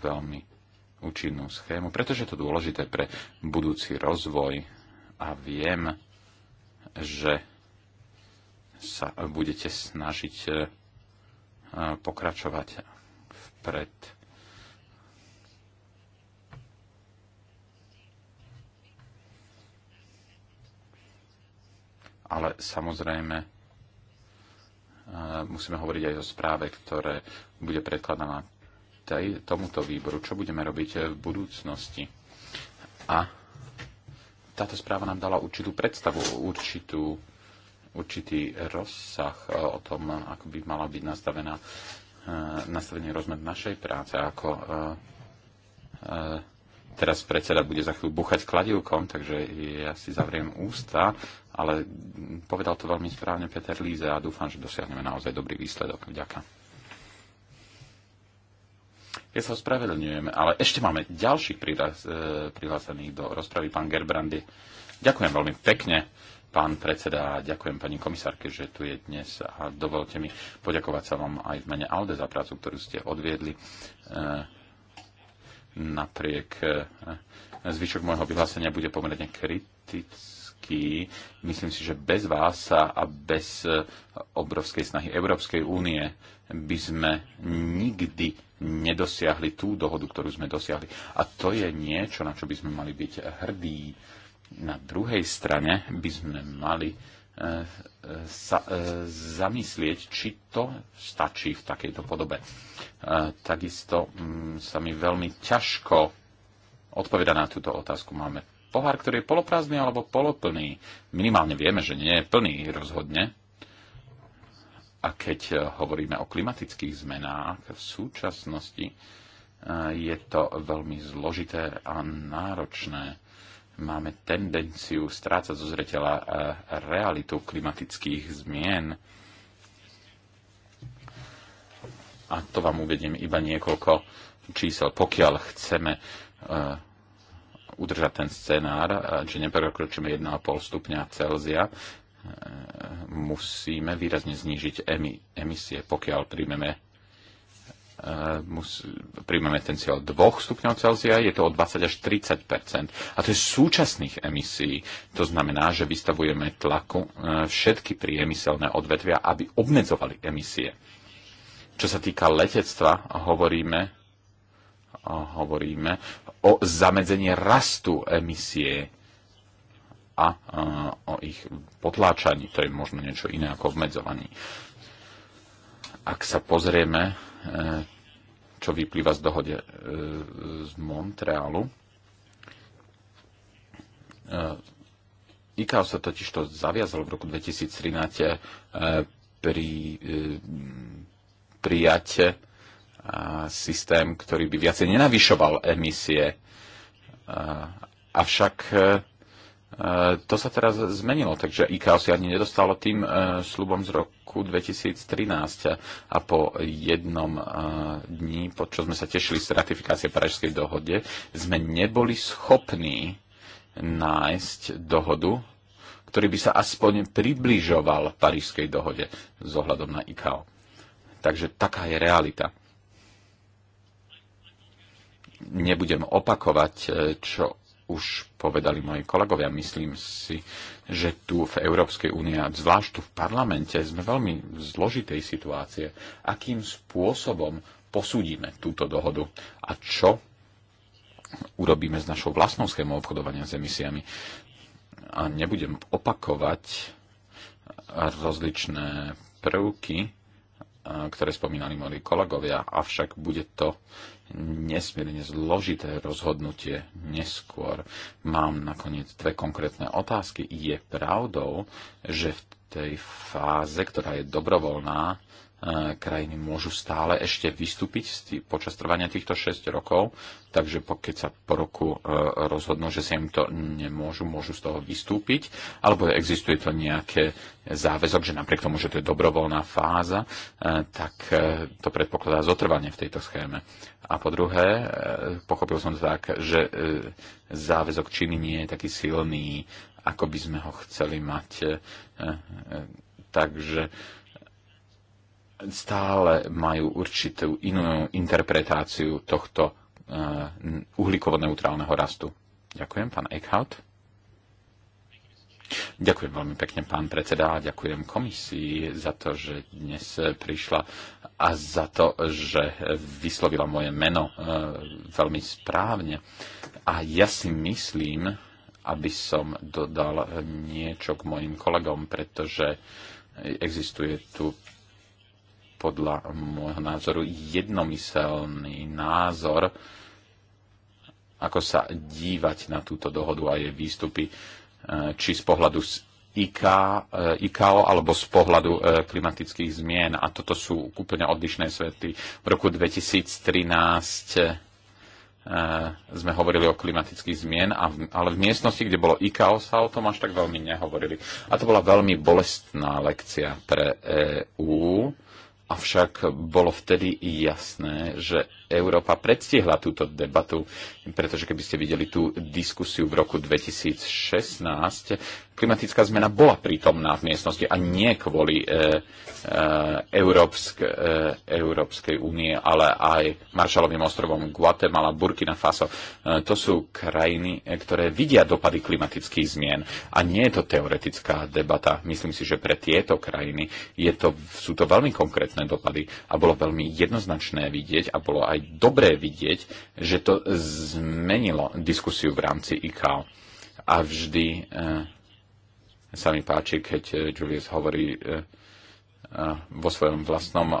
veľmi účinnú schému, pretože je to dôležité pre budúci rozvoj a viem, že sa budete snažiť e, e, pokračovať vpred. Ale samozrejme, e, musíme hovoriť aj o správe, ktoré bude predkladaná tej, tomuto výboru, čo budeme robiť v budúcnosti. A táto správa nám dala určitú predstavu, určitú určitý rozsah e, o tom, e, ako by mala byť nastavená e, nastavený rozmer našej práce, ako teraz predseda bude za chvíľu buchať kladivkom, takže ja si zavriem ústa, ale povedal to veľmi správne Peter Líze a dúfam, že dosiahneme naozaj dobrý výsledok. Ďakujem. Ja sa ospravedlňujem, ale ešte máme ďalších prihlásených do rozpravy, pán Gerbrandy. Ďakujem veľmi pekne pán predseda, ďakujem pani komisárke, že tu je dnes a dovolte mi poďakovať sa vám aj v mene ALDE za prácu, ktorú ste odviedli e, napriek e, zvyšok môjho vyhlásenia bude pomerne kritický. Myslím si, že bez vás a bez e, obrovskej snahy Európskej únie by sme nikdy nedosiahli tú dohodu, ktorú sme dosiahli. A to je niečo, na čo by sme mali byť hrdí na druhej strane by sme mali eh, sa eh, zamyslieť, či to stačí v takejto podobe. Eh, takisto mm, sa mi veľmi ťažko odpoveda na túto otázku. Máme pohár, ktorý je poloprázdny alebo poloplný. Minimálne vieme, že nie je plný rozhodne. A keď hovoríme o klimatických zmenách v súčasnosti, je to veľmi zložité a náročné máme tendenciu strácať zo zreteľa eh, realitu klimatických zmien. A to vám uvediem iba niekoľko čísel. Pokiaľ chceme eh, udržať ten scenár, eh, že neprekročíme 1,5 stupňa Celzia, musíme výrazne znížiť emisie, pokiaľ príjmeme Eh, príjmeme ten cieľ 2 stupňov Celzia, je to o 20 až 30 A to je súčasných emisí. To znamená, že vystavujeme tlaku eh, všetky priemyselné odvetvia, aby obmedzovali emisie. Čo sa týka letectva, hovoríme, hovoríme o zamedzení rastu emisie a eh, o ich potláčaní. To je možno niečo iné ako obmedzovaní. Ak sa pozrieme čo vyplýva z dohode e, z Montrealu. E, ICAO sa totiž to zaviazalo v roku 2013 e, pri prijate systém, ktorý by viacej nenavyšoval emisie. Avšak E, to sa teraz zmenilo, takže IKAO si ani nedostalo tým e, slubom z roku 2013 a po jednom e, dni, pod čo sme sa tešili z ratifikácie Pražskej dohode, sme neboli schopní nájsť dohodu, ktorý by sa aspoň približoval Parížskej dohode s ohľadom na IKAO. Takže taká je realita nebudem opakovať, čo už povedali moji kolegovia. Myslím si, že tu v Európskej únie a zvlášť tu v parlamente sme veľmi v zložitej situácie. Akým spôsobom posúdime túto dohodu a čo urobíme s našou vlastnou schémou obchodovania s emisiami. A nebudem opakovať rozličné prvky, ktoré spomínali moji kolegovia, avšak bude to nesmierne zložité rozhodnutie neskôr. Mám nakoniec dve konkrétne otázky. Je pravdou, že v tej fáze, ktorá je dobrovoľná, krajiny môžu stále ešte vystúpiť počas trvania týchto 6 rokov, takže keď sa po roku e, rozhodnú, že sa im to nemôžu, môžu z toho vystúpiť, alebo existuje to nejaké záväzok, že napriek tomu, že to je dobrovoľná fáza, e, tak e, to predpokladá zotrvanie v tejto schéme. A po druhé, pochopil som to tak, že záväzok činy nie je taký silný, ako by sme ho chceli mať. Takže stále majú určitú inú interpretáciu tohto eh, uhlíkovo-neutrálneho rastu. Ďakujem, pán Eckhout. Ďakujem veľmi pekne, pán predseda, a ďakujem komisii za to, že dnes prišla a za to, že vyslovila moje meno eh, veľmi správne. A ja si myslím, aby som dodal niečo k mojim kolegom, pretože existuje tu podľa môjho názoru jednomyselný názor, ako sa dívať na túto dohodu a jej výstupy, e, či z pohľadu z IKAO e, alebo z pohľadu e, klimatických zmien. A toto sú úplne odlišné svety. V roku 2013 sme hovorili o klimatických zmien, ale v miestnosti, kde bolo IKAO, sa o tom až tak veľmi nehovorili. A to bola veľmi bolestná lekcia pre EÚ Avšak bolo vtedy jasné, že Európa predstihla túto debatu, pretože keby ste videli tú diskusiu v roku 2016, klimatická zmena bola prítomná v miestnosti a nie kvôli e, e, Európsk, e, Európskej únie, ale aj Maršalovým ostrovom Guatemala, Burkina Faso. E, to sú krajiny, e, ktoré vidia dopady klimatických zmien a nie je to teoretická debata. Myslím si, že pre tieto krajiny je to, sú to veľmi konkrétne dopady a bolo veľmi jednoznačné vidieť a bolo aj dobré vidieť, že to zmenilo diskusiu v rámci ICAO. A vždy e, sa mi páči, keď eh, Julius hovorí eh, eh, vo svojom vlastnom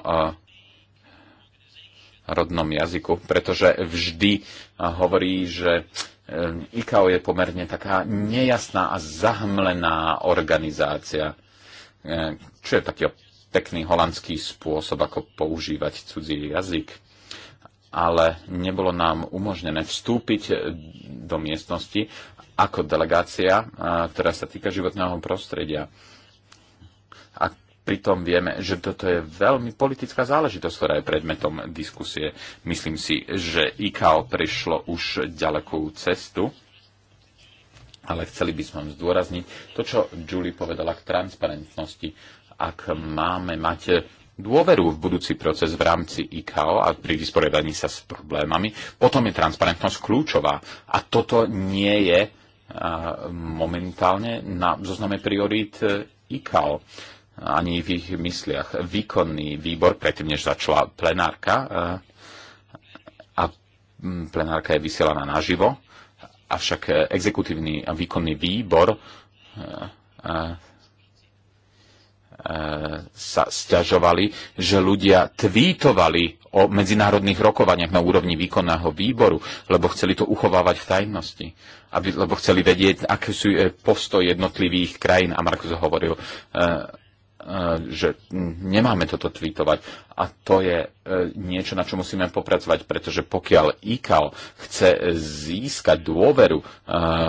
rodnom jazyku, pretože vždy hovorí, že ICAO je pomerne taká nejasná a zahmlená organizácia, čo je taký pekný holandský spôsob, ako používať cudzí jazyk. Ale nebolo nám umožnené vstúpiť do miestnosti ako delegácia, ktorá sa týka životného prostredia. A pritom vieme, že toto je veľmi politická záležitosť, ktorá je predmetom diskusie. Myslím si, že IKAO prišlo už ďalekú cestu, ale chceli by sme zdôrazniť to, čo Julie povedala k transparentnosti. Ak máme mať dôveru v budúci proces v rámci IKO a pri vysporiadaní sa s problémami, potom je transparentnosť kľúčová. A toto nie je momentálne na zozname priorít e, IKAL ani v ich mysliach. Výkonný výbor, predtým než začala plenárka, e, a plenárka je vysielaná naživo, avšak e, exekutívny a výkonný výbor E, sa sťažovali, že ľudia tweetovali o medzinárodných rokovaniach na úrovni výkonného výboru, lebo chceli to uchovávať v tajnosti, aby, lebo chceli vedieť, aké sú e, postoj jednotlivých krajín. A Markus hovoril, e, E, že nemáme toto tweetovať a to je e, niečo, na čo musíme popracovať, pretože pokiaľ ICAO chce získať dôveru e,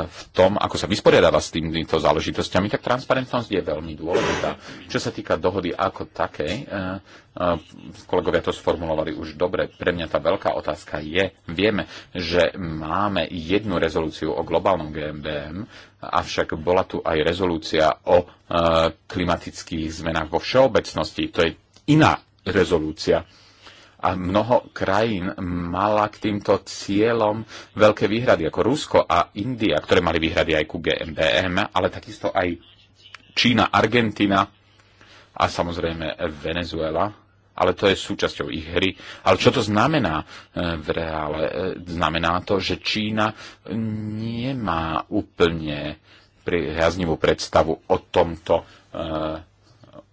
v tom, ako sa vysporiadáva s týmito záležitosťami, tak transparentnosť je veľmi dôležitá. Čo sa týka dohody ako takej, kolegovia to sformulovali už dobre. Pre mňa tá veľká otázka je, vieme, že máme jednu rezolúciu o globálnom GMBM, avšak bola tu aj rezolúcia o e, klimatických zmenách vo všeobecnosti. To je iná rezolúcia a mnoho krajín mala k týmto cieľom veľké výhrady, ako Rusko a India, ktoré mali výhrady aj ku GMBM, ale takisto aj Čína, Argentina a samozrejme Venezuela ale to je súčasťou ich hry. Ale čo to znamená e, v reále? E, znamená to, že Čína nemá úplne priaznivú predstavu o tomto e,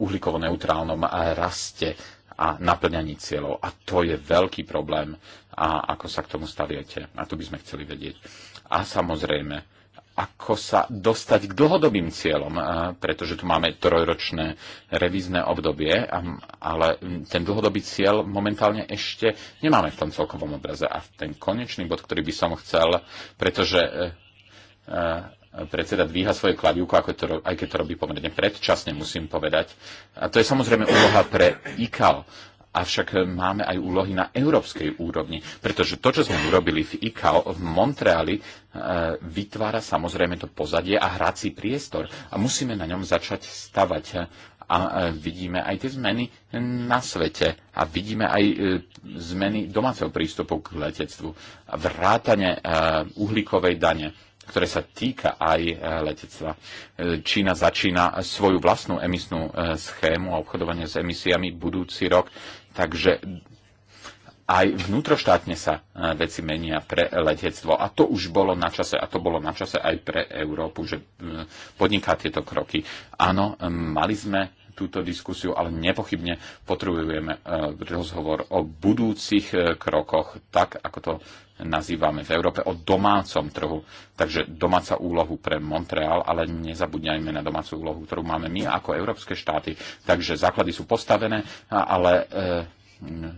uhlíkovo-neutrálnom raste a naplňaní cieľov. A to je veľký problém, a ako sa k tomu staviete. A tu by sme chceli vedieť. A samozrejme, ako sa dostať k dlhodobým cieľom, pretože tu máme trojročné revízne obdobie, ale ten dlhodobý cieľ momentálne ešte nemáme v tom celkovom obraze. A ten konečný bod, ktorý by som chcel, pretože e, e, predseda dvíha svoje to, aj keď to robí pomerne predčasne, musím povedať. A to je samozrejme úloha pre IKAL avšak máme aj úlohy na európskej úrovni, pretože to, čo sme urobili v ICAO v Montreali, e, vytvára samozrejme to pozadie a hrací priestor a musíme na ňom začať stavať e, a e, vidíme aj tie zmeny na svete a vidíme aj zmeny domáceho prístupu k letectvu. Vrátane uhlíkovej dane, ktoré sa týka aj letectva. Čína začína svoju vlastnú emisnú schému a obchodovanie s emisiami budúci rok Takže aj vnútroštátne sa e, veci menia pre letectvo. A to už bolo na čase, a to bolo na čase aj pre Európu, že e, podniká tieto kroky. Áno, mali sme túto diskusiu, ale nepochybne potrebujeme e, rozhovor o budúcich e, krokoch, tak ako to nazývame v Európe, o domácom trhu. Takže domáca úlohu pre Montreal, ale nezabudňajme na domácu úlohu, ktorú máme my ako európske štáty. Takže základy sú postavené, ale e,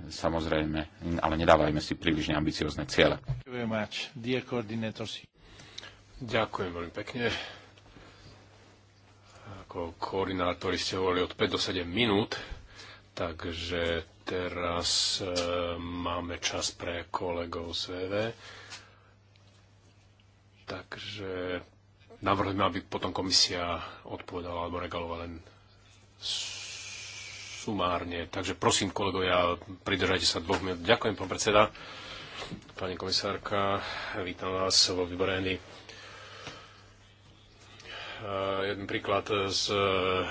samozrejme, ale nedávajme si príliš neambiciozne ciele. Ďakujem veľmi pekne koordinátori ste hovorili od 5 do 7 minút, takže teraz e, máme čas pre kolegov z VV. Takže navrhujeme, aby potom komisia odpovedala alebo regalovala len sumárne. Takže prosím, kolegovia, pridržajte sa dvoch minút. Ďakujem, pán predseda. Pani komisárka, vítam vás vo vyborení. Eh, jeden príklad z eh,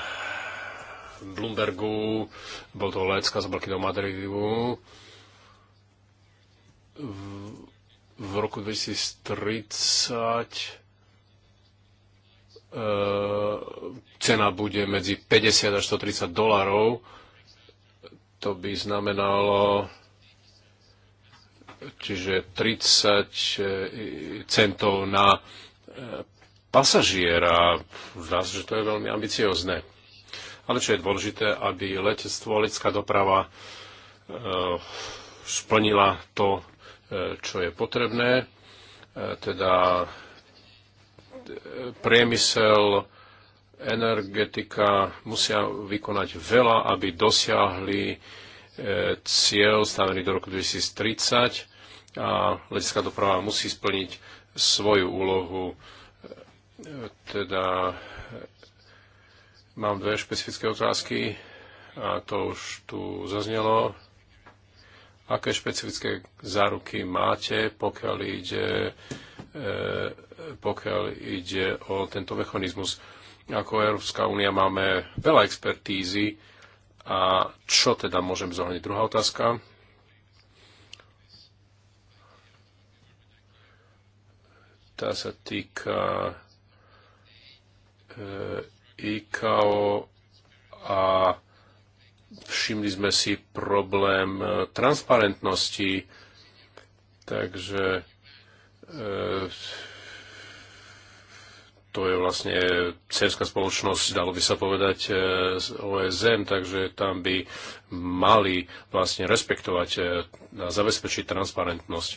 Bloombergu, bol to lecka z Balky do Madridu. V, v roku 2030 eh, cena bude medzi 50 až 130 dolarov. To by znamenalo čiže 30 centov na a Zdá sa, že to je veľmi ambiciozne. Ale čo je dôležité, aby letectvo, letecká doprava e, splnila to, e, čo je potrebné, e, teda priemysel, energetika musia vykonať veľa, aby dosiahli cieľ stavený do roku 2030 a letecká doprava musí splniť svoju úlohu teda mám dve špecifické otázky a to už tu zaznelo. Aké špecifické záruky máte, pokiaľ ide, e, pokiaľ ide o tento mechanizmus? Ako Európska únia máme veľa expertízy a čo teda môžem zohľadniť? Druhá otázka. Tá sa týka E, IKO a všimli sme si problém e, transparentnosti, takže e, to je vlastne cerská spoločnosť, dalo by sa povedať, z OSN, takže tam by mali vlastne respektovať a zabezpečiť transparentnosť.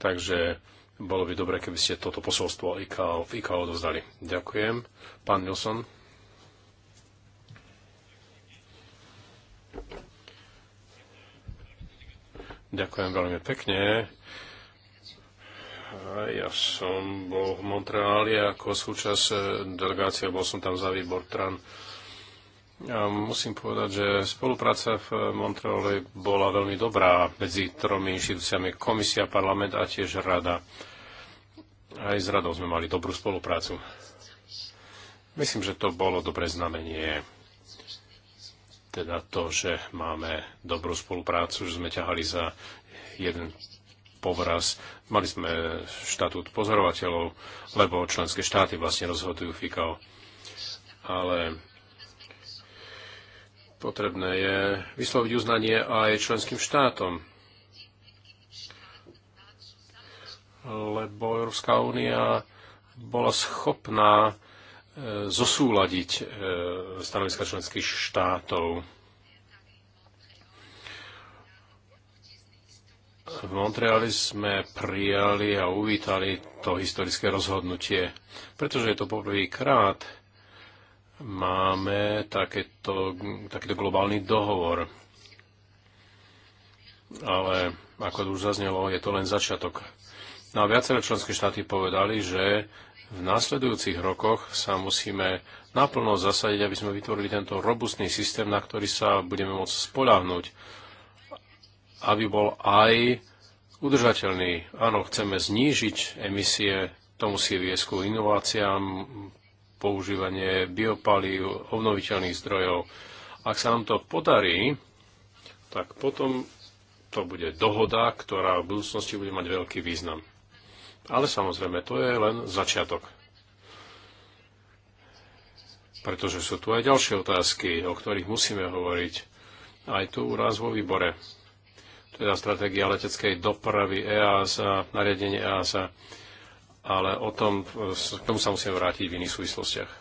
Takže bolo by dobre, keby ste toto posolstvo IKO, v IKO dozdali. Ďakujem. Pán Nilsson. Ďakujem veľmi pekne. Ja som bol v Montreáli ako súčasť e, delegácie, bol som tam za výbor TRAN. Ja musím povedať, že spolupráca v Montreáli bola veľmi dobrá medzi tromi inštitúciami, komisia, parlament a tiež rada. Aj s radou sme mali dobrú spoluprácu. Myslím, že to bolo dobre znamenie, teda to, že máme dobrú spoluprácu, že sme ťahali za jeden povraz. Mali sme štatút pozorovateľov, lebo členské štáty vlastne rozhodujú Fikao. Ale potrebné je vysloviť uznanie aj členským štátom. lebo Európska únia bola schopná e, zosúľadiť e, stanoviska členských štátov. V Montreali sme prijali a uvítali to historické rozhodnutie, pretože je to poprvýkrát máme takéto, takýto globálny dohovor. Ale ako už zaznelo, je to len začiatok No a viaceré členské štáty povedali, že v následujúcich rokoch sa musíme naplno zasadiť, aby sme vytvorili tento robustný systém, na ktorý sa budeme môcť spoľahnúť, aby bol aj udržateľný. Áno, chceme znížiť emisie, to musí viesť ku inováciám, používanie biopalív, obnoviteľných zdrojov. Ak sa nám to podarí, tak potom to bude dohoda, ktorá v budúcnosti bude mať veľký význam. Ale samozrejme, to je len začiatok. Pretože sú tu aj ďalšie otázky, o ktorých musíme hovoriť. Aj tu u nás vo výbore. Teda stratégia leteckej dopravy EASA, nariadenie EASA. Ale o tom, k tomu sa musíme vrátiť v iných súvislostiach.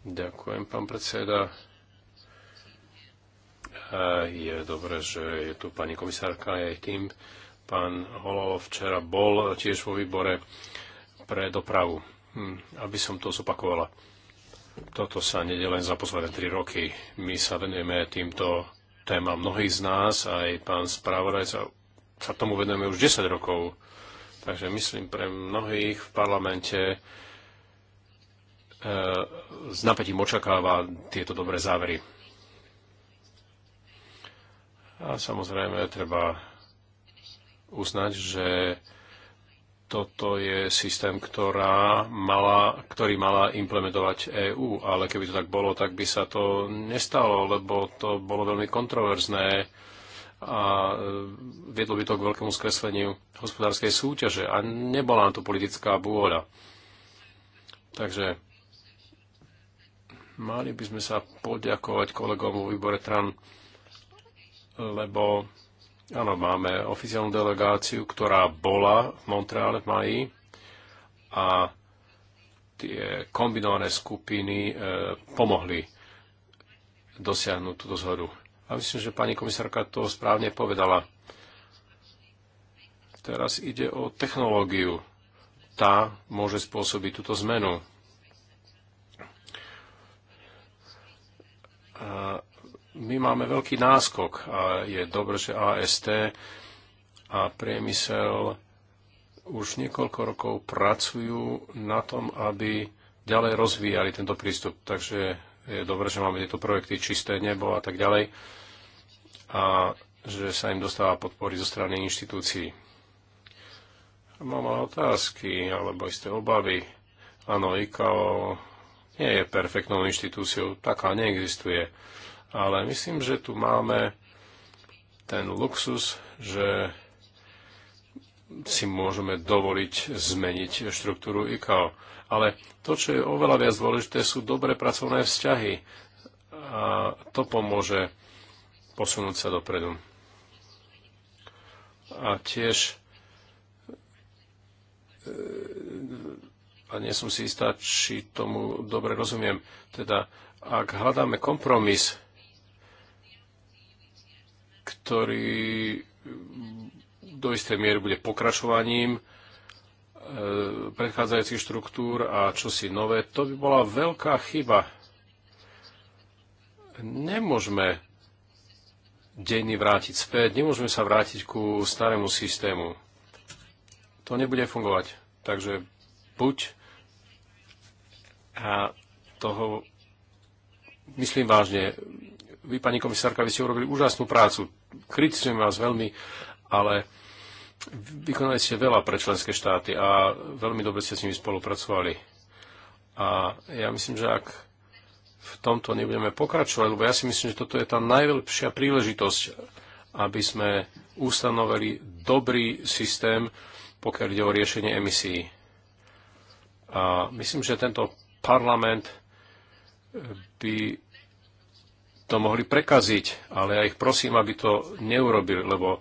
Ďakujem, pán predseda. Eh, je dobré, že je tu pani komisárka aj tým. Pán Holo včera bol tiež vo výbore pre dopravu. Hm, aby som to zopakovala. Toto sa nedie len za posledné 3 roky. My sa venujeme týmto témam. mnohých z nás, aj pán spravodajca, sa tomu venujeme už 10 rokov. Takže myslím, pre mnohých v parlamente eh, s napätím očakáva tieto dobré závery. A samozrejme treba uznať, že toto je systém, ktorá mala, ktorý mala implementovať EÚ, ale keby to tak bolo, tak by sa to nestalo, lebo to bolo veľmi kontroverzné a e, viedlo by to k veľkému skresleniu hospodárskej súťaže a nebola na to politická vôľa. Takže mali by sme sa poďakovať kolegom vo výbore TRAN lebo áno, máme oficiálnu delegáciu, ktorá bola v Montreale v maji a tie kombinované skupiny e, pomohli dosiahnuť túto zhodu. A myslím, že pani komisárka to správne povedala. Teraz ide o technológiu. Tá môže spôsobiť túto zmenu. A my máme veľký náskok a je dobré, že AST a priemysel už niekoľko rokov pracujú na tom, aby ďalej rozvíjali tento prístup. Takže je dobré, že máme tieto projekty Čisté nebo a tak ďalej a že sa im dostáva podpory zo strany inštitúcií. Mám ale otázky alebo isté obavy. Áno, IKO nie je perfektnou inštitúciou, taká neexistuje ale myslím, že tu máme ten luxus, že si môžeme dovoliť zmeniť štruktúru IKAO. Ale to, čo je oveľa viac dôležité, sú dobré pracovné vzťahy. A to pomôže posunúť sa dopredu. A tiež e, a nie som si istá, či tomu dobre rozumiem. Teda, ak hľadáme kompromis, ktorý do istej miery bude pokračovaním e, predchádzajúcich štruktúr a čosi nové, to by bola veľká chyba. Nemôžeme dejiny vrátiť späť, nemôžeme sa vrátiť ku starému systému. To nebude fungovať. Takže buď a toho myslím vážne, vy, pani komisárka, vy ste urobili úžasnú prácu. Kritizujem vás veľmi, ale vykonali ste veľa pre členské štáty a veľmi dobre ste s nimi spolupracovali. A ja myslím, že ak v tomto nebudeme pokračovať, lebo ja si myslím, že toto je tá najlepšia príležitosť, aby sme ustanovili dobrý systém, pokiaľ ide o riešenie emisí. A myslím, že tento parlament by to mohli prekaziť, ale ja ich prosím, aby to neurobili, lebo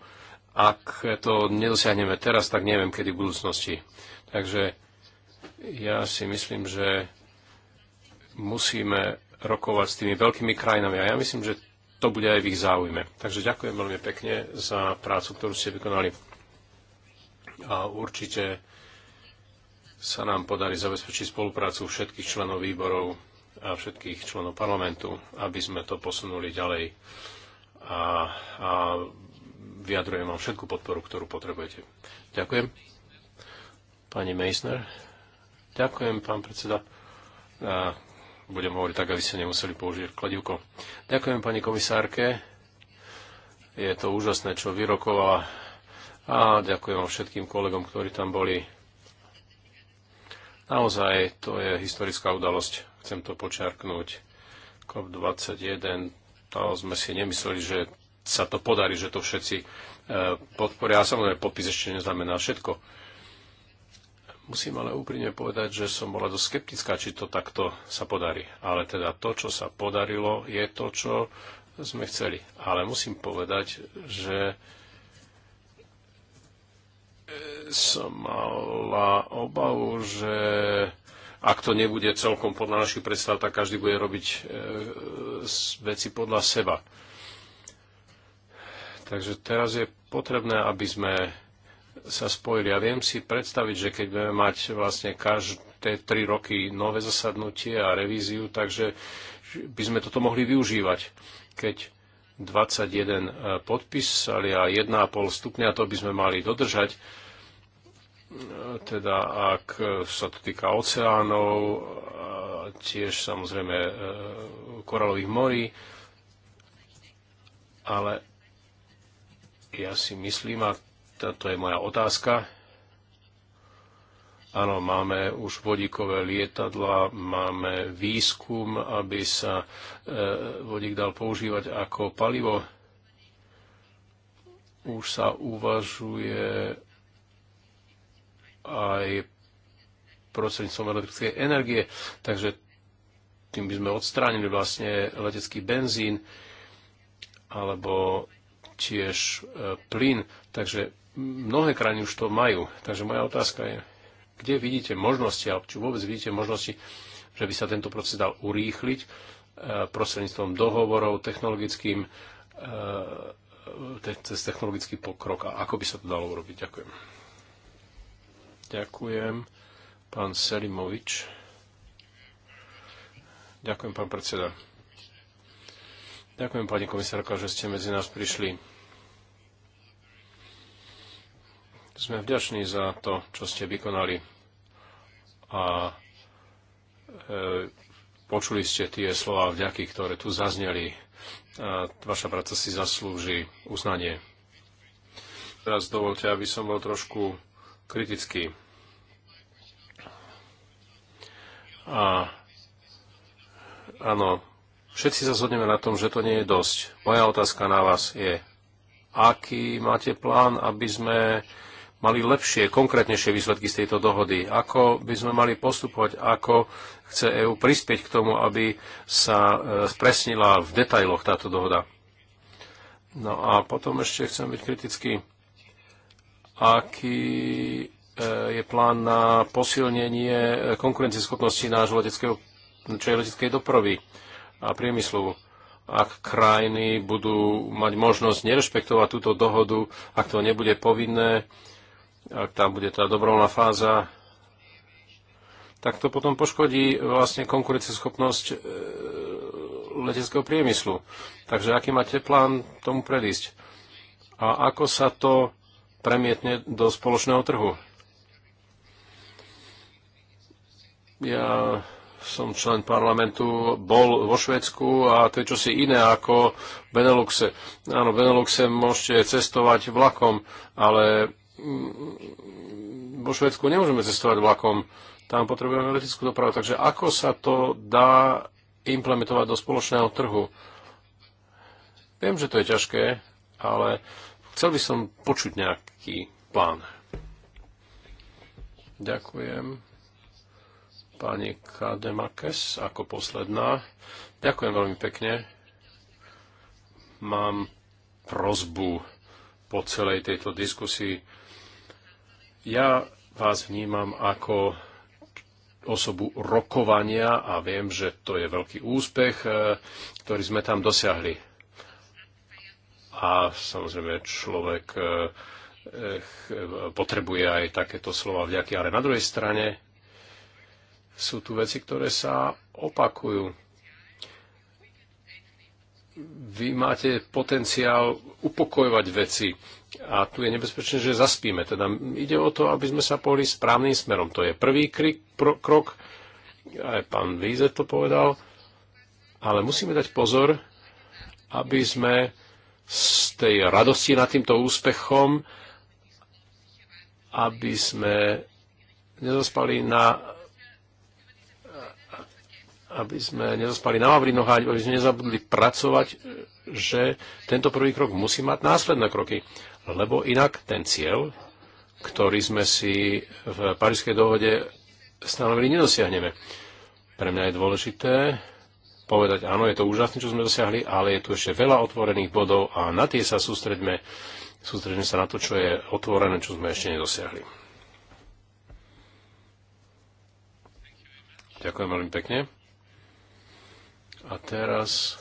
ak to nedosiahneme teraz, tak neviem, kedy v budúcnosti. Takže ja si myslím, že musíme rokovať s tými veľkými krajinami a ja myslím, že to bude aj v ich záujme. Takže ďakujem veľmi pekne za prácu, ktorú ste vykonali. A určite sa nám podarí zabezpečiť spoluprácu všetkých členov výborov a všetkých členov parlamentu, aby sme to posunuli ďalej. A, a vyjadrujem vám všetku podporu, ktorú potrebujete. Ďakujem. Pani Meissner. Ďakujem, pán predseda. A budem hovoriť tak, aby ste nemuseli použiť kladivko. Ďakujem pani komisárke. Je to úžasné, čo vyrokovala. A ďakujem všetkým kolegom, ktorí tam boli. Naozaj, to je historická udalosť chcem to počiarknúť, COP21, to sme si nemysleli, že sa to podarí, že to všetci e, podporia. A samozrejme, podpis ešte neznamená všetko. Musím ale úprimne povedať, že som bola dosť skeptická, či to takto sa podarí. Ale teda to, čo sa podarilo, je to, čo sme chceli. Ale musím povedať, že e, som mala obavu, že ak to nebude celkom podľa našich predstav, tak každý bude robiť e, veci podľa seba. Takže teraz je potrebné, aby sme sa spojili. Ja viem si predstaviť, že keď budeme mať vlastne každé tri roky nové zasadnutie a revíziu, takže by sme toto mohli využívať. Keď 21 e, podpísali a 1,5 stupňa, to by sme mali dodržať, teda ak sa to týka oceánov, tiež samozrejme e, koralových morí, ale ja si myslím, a to je moja otázka, Áno, máme už vodíkové lietadla, máme výskum, aby sa e, vodík dal používať ako palivo. Už sa uvažuje aj prostredníctvom elektrickej energie, takže tým by sme odstránili vlastne letecký benzín alebo tiež e, plyn, takže mnohé krajiny už to majú. Takže moja otázka je, kde vidíte možnosti, alebo či vôbec vidíte možnosti, že by sa tento proces dal urýchliť e, prostredníctvom dohovorov technologickým, e, cez technologický pokrok a ako by sa to dalo urobiť. Ďakujem. Ďakujem, pán Selimovič. Ďakujem, pán predseda. Ďakujem, pani komisárka, že ste medzi nás prišli. Sme vďační za to, čo ste vykonali a e, počuli ste tie slova vďaky, ktoré tu zazneli. A vaša práca si zaslúži uznanie. Teraz dovolte, aby som bol trošku kritický. A áno, všetci sa zhodneme na tom, že to nie je dosť. Moja otázka na vás je, aký máte plán, aby sme mali lepšie, konkrétnejšie výsledky z tejto dohody? Ako by sme mali postupovať? Ako chce EÚ prispieť k tomu, aby sa e, spresnila v detailoch táto dohoda? No a potom ešte chcem byť kritický aký e, je plán na posilnenie e, konkurencieschopnosti nášho leteckého, čo je leteckej dopravy a priemyslu. Ak krajiny budú mať možnosť nerešpektovať túto dohodu, ak to nebude povinné, ak tam bude tá dobrovoľná fáza, tak to potom poškodí vlastne konkurencieschopnosť e, leteckého priemyslu. Takže aký máte plán tomu predísť? A ako sa to premietne do spoločného trhu. Ja som člen parlamentu, bol vo Švedsku a to je čosi iné ako v Beneluxe. Áno, v Beneluxe môžete cestovať vlakom, ale mm, vo Švedsku nemôžeme cestovať vlakom. Tam potrebujeme elektrickú dopravu. Takže ako sa to dá implementovať do spoločného trhu? Viem, že to je ťažké, ale Chcel by som počuť nejaký plán. Ďakujem. Pani Kademakes, ako posledná. Ďakujem veľmi pekne. Mám prozbu po celej tejto diskusii. Ja vás vnímam ako osobu rokovania a viem, že to je veľký úspech, eh, ktorý sme tam dosiahli a samozrejme človek eh, eh, potrebuje aj takéto slova vďaky, ale na druhej strane sú tu veci, ktoré sa opakujú. Vy máte potenciál upokojovať veci a tu je nebezpečné, že zaspíme. Teda ide o to, aby sme sa pohli správnym smerom. To je prvý krik, pro, krok, aj pán Víze to povedal, ale musíme dať pozor, aby sme z tej radosti nad týmto úspechom, aby sme nezaspali na aby sme nezaspali na Vavrinoch, aby sme nezabudli pracovať, že tento prvý krok musí mať následné kroky. Lebo inak ten cieľ, ktorý sme si v Parískej dohode stanovili, nedosiahneme. Pre mňa je dôležité, povedať, áno, je to úžasné, čo sme dosiahli, ale je tu ešte veľa otvorených bodov a na tie sa sústreďme, sústreďme sa na to, čo je otvorené, čo sme ešte nedosiahli. Ďakujem veľmi pekne. A teraz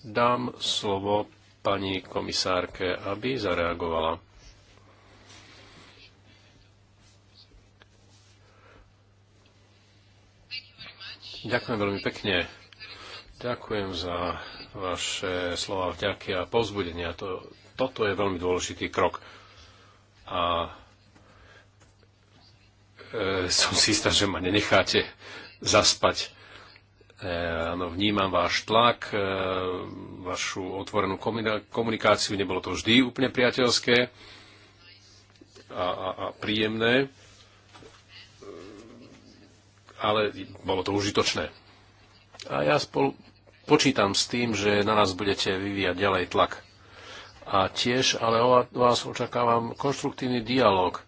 dám slovo pani komisárke, aby zareagovala. Ďakujem veľmi pekne. Ďakujem za vaše slova vďaky a povzbudenia. To, toto je veľmi dôležitý krok. A e, som si istá, že ma nenecháte zaspať. E, áno, vnímam váš tlak, e, vašu otvorenú komunikáciu. Nebolo to vždy úplne priateľské a, a, a príjemné, e, ale bolo to užitočné. A ja spolu počítam s tým, že na nás budete vyvíjať ďalej tlak. A tiež ale o vás očakávam konštruktívny dialog.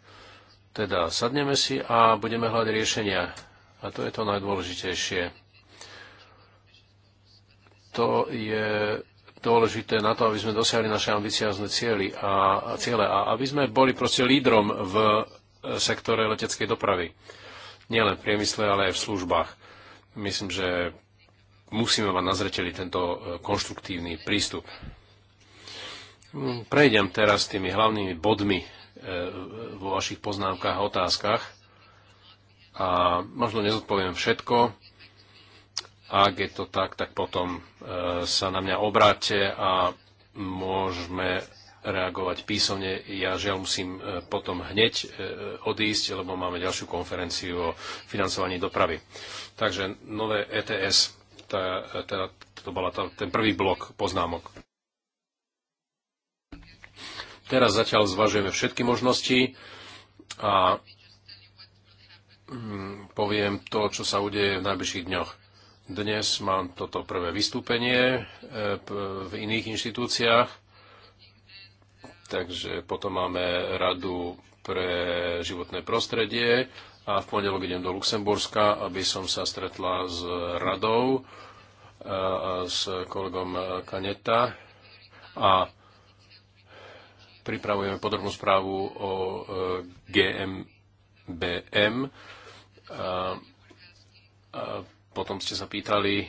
Teda sadneme si a budeme hľadať riešenia. A to je to najdôležitejšie. To je dôležité na to, aby sme dosiahli naše ambiciázne cieľy a, a ciele a aby sme boli proste lídrom v e, sektore leteckej dopravy. Nielen v priemysle, ale aj v službách. Myslím, že musíme mať na zreteli tento e, konštruktívny prístup. Mm, prejdem teraz tými hlavnými bodmi e, vo vašich poznámkach a otázkach a možno nezodpoviem všetko. Ak je to tak, tak potom e, sa na mňa obráte a môžeme reagovať písomne. Ja žiaľ musím potom hneď odísť, lebo máme ďalšiu konferenciu o financovaní dopravy. Takže nové ETS tá, teda, to bola tá, ten prvý blok poznámok. Teraz zatiaľ zvažujeme všetky možnosti a mm, poviem to, čo sa udeje v najbližších dňoch. Dnes mám toto prvé vystúpenie e, v iných inštitúciách, takže potom máme radu pre životné prostredie a v pondelok idem do Luxemburska, aby som sa stretla s radou, a e, s kolegom Kaneta a pripravujeme podrobnú správu o e, GMBM. A, a potom ste sa pýtali, e,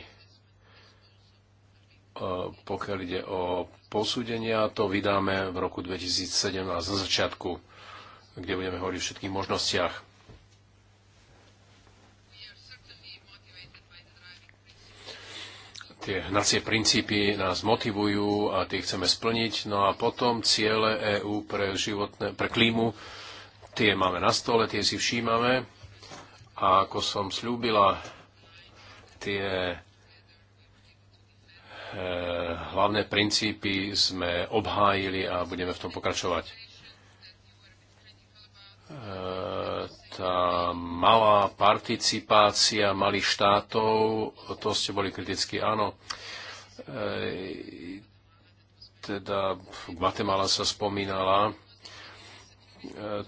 pokiaľ ide o posúdenia, to vydáme v roku 2017 na začiatku kde budeme hovoriť o všetkých možnostiach. Tie hnacie princípy nás motivujú a tie chceme splniť. No a potom ciele EÚ pre, životné, pre klímu, tie máme na stole, tie si všímame. A ako som slúbila, tie e, hlavné princípy sme obhájili a budeme v tom pokračovať. E, tá malá participácia malých štátov, to ste boli kriticky, áno. E, teda Guatemala sa spomínala, e,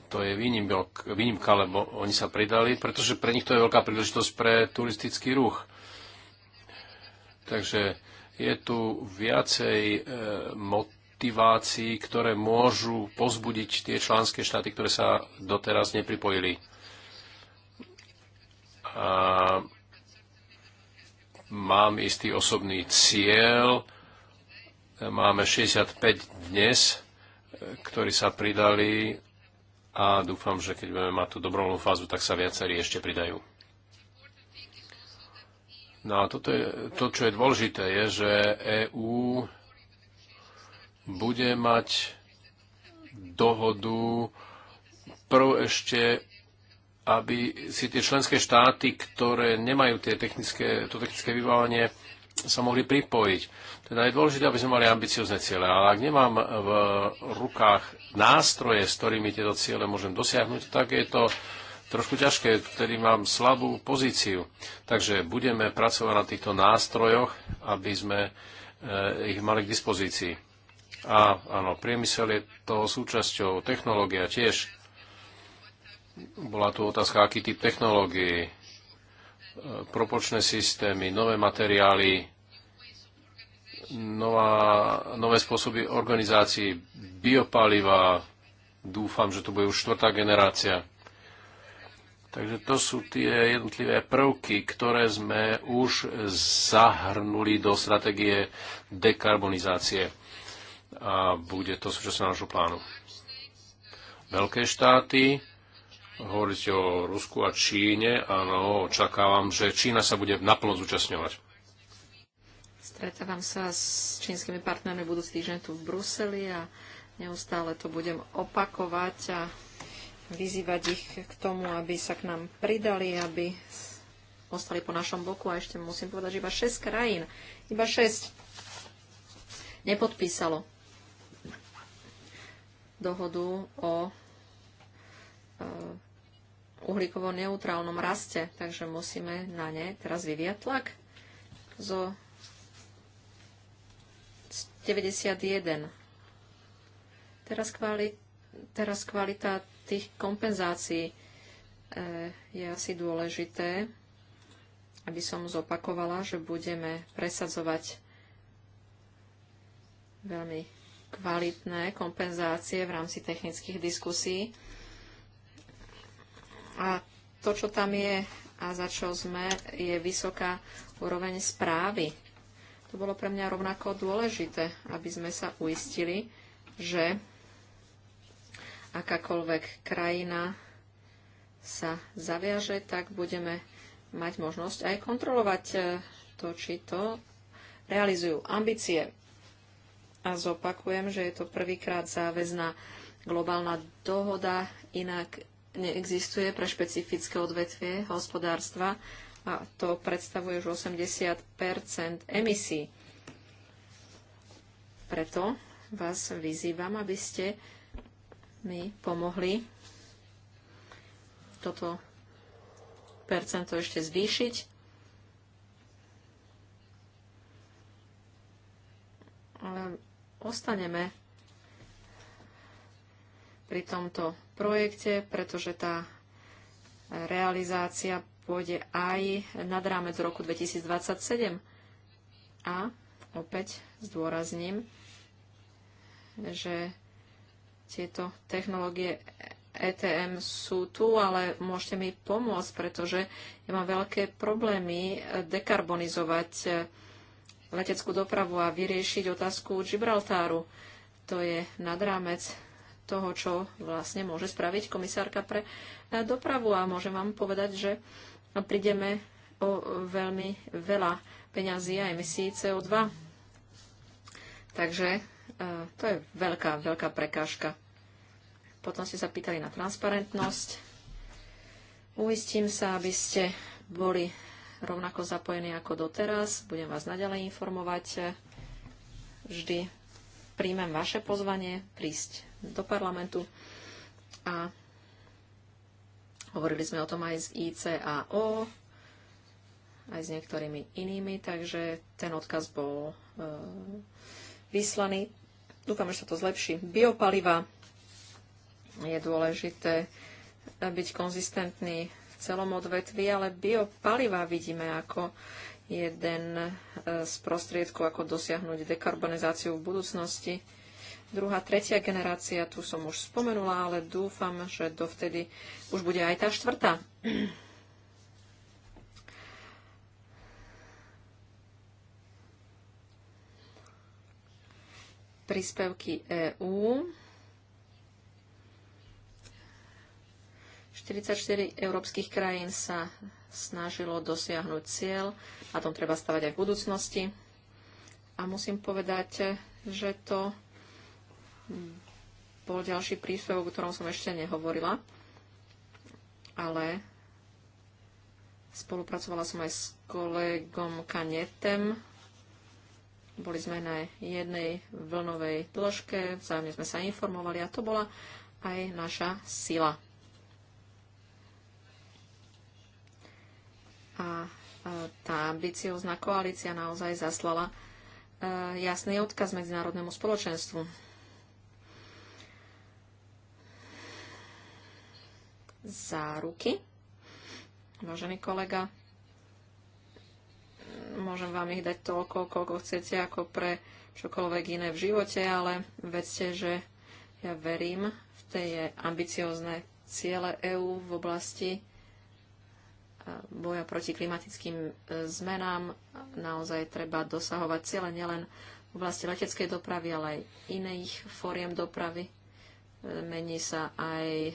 to je výnimka, lebo oni sa pridali, pretože pre nich to je veľká príležitosť pre turistický ruch. Takže je tu viacej mot motivácií, ktoré môžu pozbudiť tie členské štáty, ktoré sa doteraz nepripojili. A mám istý osobný cieľ. Máme 65 dnes, ktorí sa pridali a dúfam, že keď budeme mať tú dobrovoľnú fázu, tak sa viacerí ešte pridajú. No a toto je, to, čo je dôležité, je, že EÚ bude mať dohodu prv ešte, aby si tie členské štáty, ktoré nemajú tie technické, to technické vybavenie, sa mohli pripojiť. Teda je dôležité, aby sme mali ambiciozne ciele, ale ak nemám v rukách nástroje, s ktorými tieto ciele môžem dosiahnuť, tak je to trošku ťažké, vtedy mám slabú pozíciu. Takže budeme pracovať na týchto nástrojoch, aby sme eh, ich mali k dispozícii. A áno, priemysel je toho súčasťou, technológia tiež. Bola tu otázka, aký typ technológií, e, propočné systémy, nové materiály, nová, nové spôsoby organizácií, biopaliva, dúfam, že to bude už štvrtá generácia. Takže to sú tie jednotlivé prvky, ktoré sme už zahrnuli do stratégie dekarbonizácie a bude to súčasť nášho plánu. Veľké štáty, hovoríte o Rusku a Číne, áno, očakávam, že Čína sa bude naplno zúčastňovať. Stretávam sa s čínskymi partnermi budúci týždeň tu v Bruseli a neustále to budem opakovať a vyzývať ich k tomu, aby sa k nám pridali, aby ostali po našom boku. A ešte musím povedať, že iba 6 krajín, iba 6 nepodpísalo dohodu o e, uhlíkovo neutrálnom raste, takže musíme na ne teraz vyviať tlak zo 91. Teraz, kvali, teraz kvalita tých kompenzácií e, je asi dôležité, aby som zopakovala, že budeme presadzovať veľmi kvalitné kompenzácie v rámci technických diskusí. A to, čo tam je a za čo sme, je vysoká úroveň správy. To bolo pre mňa rovnako dôležité, aby sme sa uistili, že akákoľvek krajina sa zaviaže, tak budeme mať možnosť aj kontrolovať eh, to, či to realizujú. Ambície a zopakujem, že je to prvýkrát záväzná globálna dohoda, inak neexistuje pre špecifické odvetvie hospodárstva a to predstavuje už 80 emisí. Preto vás vyzývam, aby ste mi pomohli toto percento ešte zvýšiť. Ale ostaneme pri tomto projekte, pretože tá realizácia pôjde aj nad rámec roku 2027. A opäť zdôrazním, že tieto technológie ETM sú tu, ale môžete mi pomôcť, pretože ja mám veľké problémy dekarbonizovať leteckú dopravu a vyriešiť otázku Gibraltáru. To je nad rámec toho, čo vlastne môže spraviť komisárka pre eh, dopravu. A môžem vám povedať, že prídeme o veľmi veľa peňazí a emisí CO2. Takže eh, to je veľká, veľká prekážka. Potom ste sa pýtali na transparentnosť. Uistím sa, aby ste boli rovnako zapojení ako doteraz. Budem vás naďalej informovať. Vždy príjmem vaše pozvanie prísť do parlamentu a hovorili sme o tom aj s ICAO, aj s niektorými inými, takže ten odkaz bol e, vyslaný. Dúfam, že sa to zlepší. Biopaliva je dôležité byť konzistentný celom odvetvi, ale biopaliva vidíme ako jeden e, z prostriedkov, ako dosiahnuť dekarbonizáciu v budúcnosti. Druhá, tretia generácia, tu som už spomenula, ale dúfam, že dovtedy už bude aj tá štvrtá. Príspevky EÚ. 44 európskych krajín sa snažilo dosiahnuť cieľ, na tom treba stavať aj v budúcnosti. A musím povedať, že to bol ďalší príspevok, o ktorom som ešte nehovorila, ale spolupracovala som aj s kolegom Kanetem. Boli sme na jednej vlnovej dĺžke, vzájomne sme sa informovali a to bola aj naša sila. a tá ambiciózna koalícia naozaj zaslala e, jasný odkaz medzinárodnému spoločenstvu. Za ruky, vážený kolega, môžem vám ich dať toľko, koľko chcete, ako pre čokoľvek iné v živote, ale vedzte, že ja verím v tej ambiciozne ciele EÚ v oblasti boja proti klimatickým e, zmenám naozaj treba dosahovať cieľe nielen v oblasti leteckej dopravy, ale aj iných fóriem dopravy. E, mení sa aj e,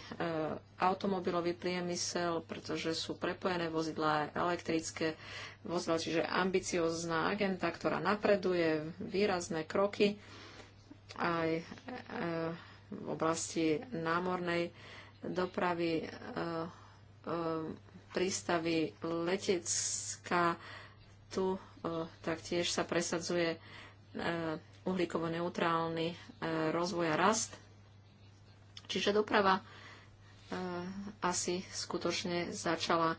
automobilový priemysel, pretože sú prepojené vozidlá elektrické vozidla, čiže ambiciozná agenda, ktorá napreduje, výrazné kroky aj v oblasti námornej dopravy prístavy letecká. Tu e, taktiež sa presadzuje e, uhlíkovo-neutrálny e, rozvoj a rast. Čiže doprava asi skutočne začala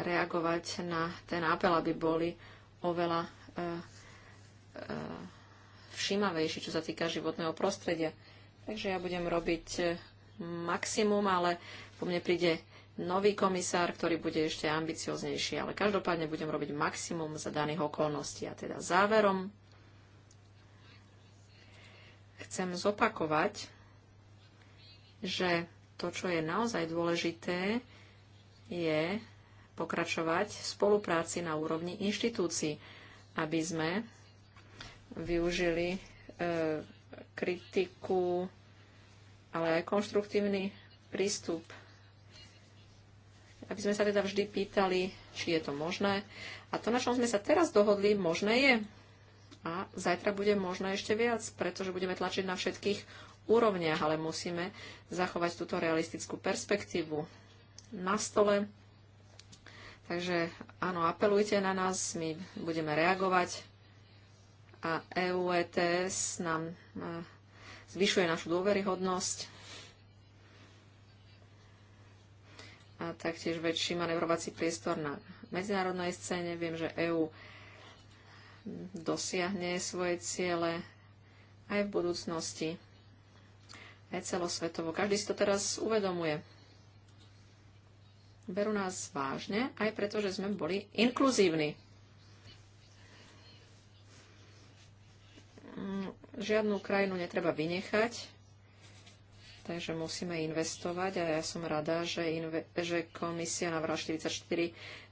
reagovať na ten apel, aby boli oveľa všímavejší, čo sa týka životného prostredia. Takže ja budem robiť maximum, ale po mne príde nový komisár, ktorý bude ešte ambicioznejší, ale každopádne budem robiť maximum za daných okolností. A teda záverom chcem zopakovať, že to, čo je naozaj dôležité, je pokračovať v spolupráci na úrovni inštitúcií, aby sme využili e, kritiku, ale aj konštruktívny prístup aby sme sa teda vždy pýtali, či je to možné. A to, na čom sme sa teraz dohodli, možné je. A zajtra bude možné ešte viac, pretože budeme tlačiť na všetkých úrovniach, ale musíme zachovať túto realistickú perspektívu na stole. Takže áno, apelujte na nás, my budeme reagovať a EU ETS nám eh, zvyšuje našu dôveryhodnosť a taktiež väčší manevrovací priestor na medzinárodnej scéne. Viem, že EÚ dosiahne svoje ciele aj v budúcnosti, aj celosvetovo. Každý si to teraz uvedomuje. Berú nás vážne, aj preto, že sme boli inkluzívni. Mm, žiadnu krajinu netreba vynechať takže musíme investovať a ja som rada, že, inve- že komisia navrhla 44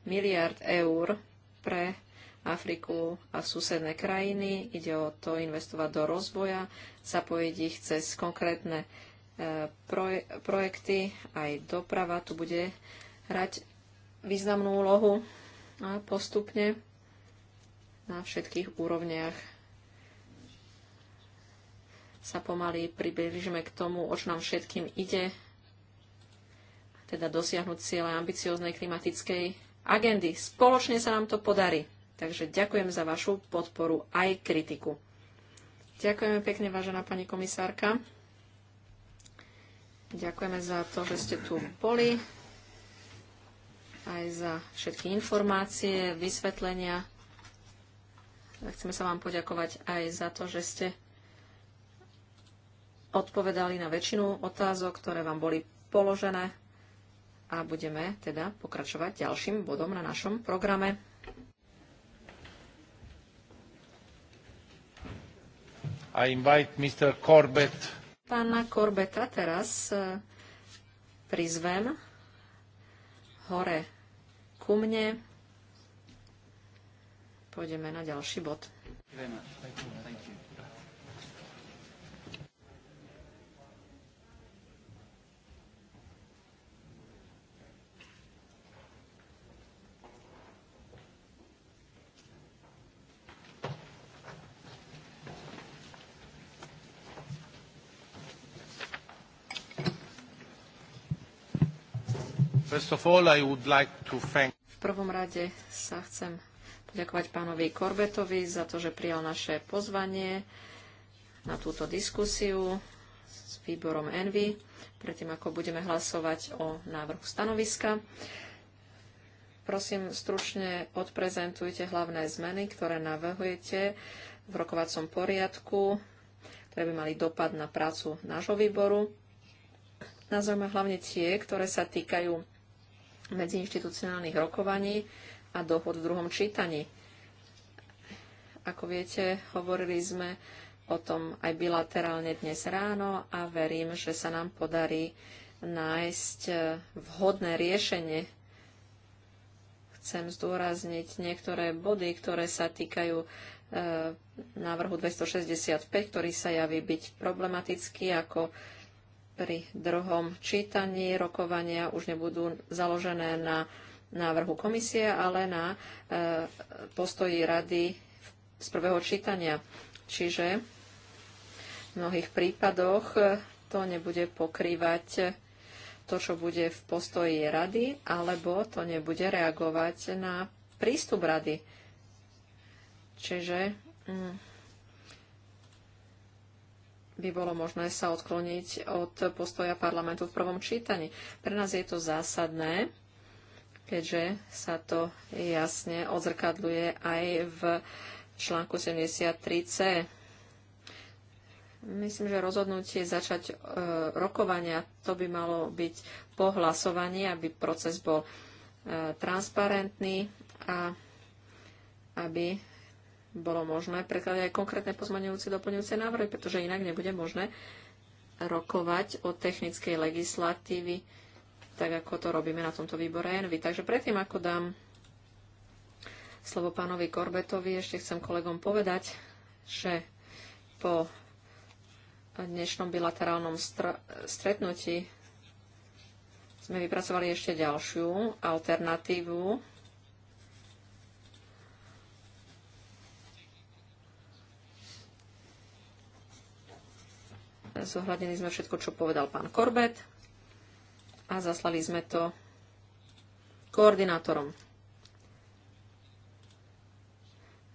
miliard eur pre Afriku a susedné krajiny. Ide o to investovať do rozvoja, zapojiť ich cez konkrétne e, proje- projekty, aj doprava tu bude hrať významnú úlohu a postupne na všetkých úrovniach sa pomaly približíme k tomu, o čo nám všetkým ide, teda dosiahnuť cieľe ambicioznej klimatickej agendy. Spoločne sa nám to podarí. Takže ďakujem za vašu podporu aj kritiku. Ďakujeme pekne, vážená pani komisárka. Ďakujeme za to, že ste tu boli, aj za všetky informácie, vysvetlenia. Chceme sa vám poďakovať aj za to, že ste odpovedali na väčšinu otázok, ktoré vám boli položené a budeme teda pokračovať ďalším bodom na našom programe. I invite Mr. Corbett. Pána Corbetta teraz e, prizvem hore ku mne. Pôjdeme na ďalší bod. Thank you. Thank you. V prvom rade sa chcem poďakovať pánovi Korbetovi za to, že prijal naše pozvanie na túto diskusiu s výborom Envy, predtým ako budeme hlasovať o návrhu stanoviska. Prosím, stručne odprezentujte hlavné zmeny, ktoré navrhujete v rokovacom poriadku, ktoré by mali dopad na prácu nášho výboru. Nazveme hlavne tie, ktoré sa týkajú medziinstitucionálnych rokovaní a dohod v druhom čítaní. Ako viete, hovorili sme o tom aj bilaterálne dnes ráno a verím, že sa nám podarí nájsť e, vhodné riešenie. Chcem zdôrazniť niektoré body, ktoré sa týkajú e, návrhu 265, ktorý sa javí byť problematický ako pri druhom čítaní rokovania už nebudú založené na návrhu komisie, ale na e, postoji rady z prvého čítania. Čiže v mnohých prípadoch e, to nebude pokrývať to, čo bude v postoji rady, alebo to nebude reagovať na prístup rady. Čiže mm, by bolo možné sa odkloniť od postoja parlamentu v prvom čítaní. Pre nás je to zásadné, keďže sa to jasne odzrkadluje aj v článku 73c. Myslím, že rozhodnutie začať e, rokovania, to by malo byť po hlasovaní, aby proces bol e, transparentný a aby bolo možné prekladať aj konkrétne pozmaňujúce doplňujúce návrhy, pretože inak nebude možné rokovať o technickej legislatívy, tak ako to robíme na tomto výbore ENVY. Takže predtým, ako dám slovo pánovi Korbetovi, ešte chcem kolegom povedať, že po dnešnom bilaterálnom stretnutí sme vypracovali ešte ďalšiu alternatívu Zohľadili sme všetko, čo povedal pán Korbet a zaslali sme to koordinátorom.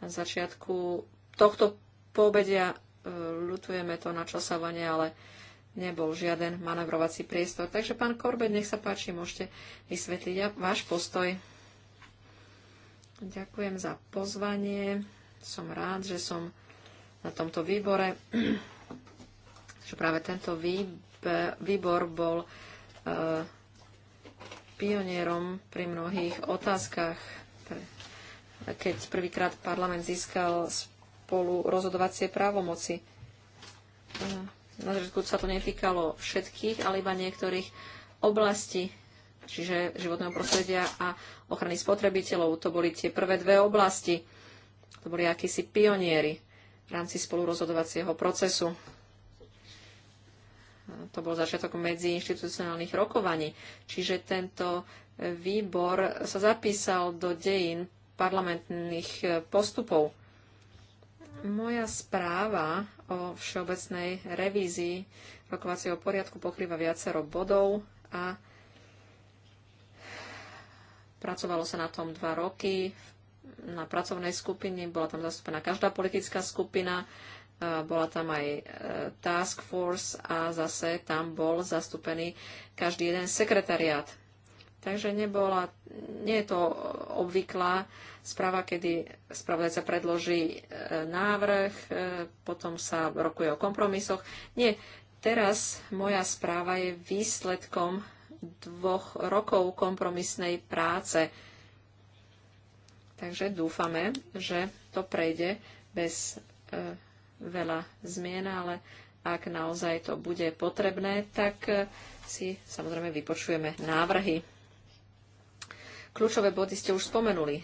Na začiatku tohto pobedia e, ľutujeme to načasovanie, ale nebol žiaden manevrovací priestor. Takže, pán Korbet, nech sa páči, môžete vysvetliť váš postoj. Ďakujem za pozvanie. Som rád, že som na tomto výbore že práve tento výbor bol eh, pionierom pri mnohých otázkach. Keď prvýkrát parlament získal spolu rozhodovacie právomoci. Eh, na začiatku sa to netýkalo všetkých, ale iba niektorých oblastí, čiže životného prostredia a ochrany spotrebiteľov. To boli tie prvé dve oblasti. To boli akísi pionieri v rámci spolurozhodovacieho procesu to bol začiatok medziinstitucionálnych rokovaní. Čiže tento výbor sa zapísal do dejín parlamentných postupov. Moja správa o všeobecnej revízii rokovacieho poriadku pokrýva viacero bodov a pracovalo sa na tom dva roky. Na pracovnej skupine bola tam zastúpená každá politická skupina bola tam aj e, task force a zase tam bol zastúpený každý jeden sekretariát. Takže nebola, nie je to obvyklá správa, kedy spravodajca predloží e, návrh, e, potom sa rokuje o kompromisoch. Nie, teraz moja správa je výsledkom dvoch rokov kompromisnej práce. Takže dúfame, že to prejde bez veľa zmien, ale ak naozaj to bude potrebné, tak eh, si samozrejme vypočujeme návrhy. Kľúčové body ste už spomenuli.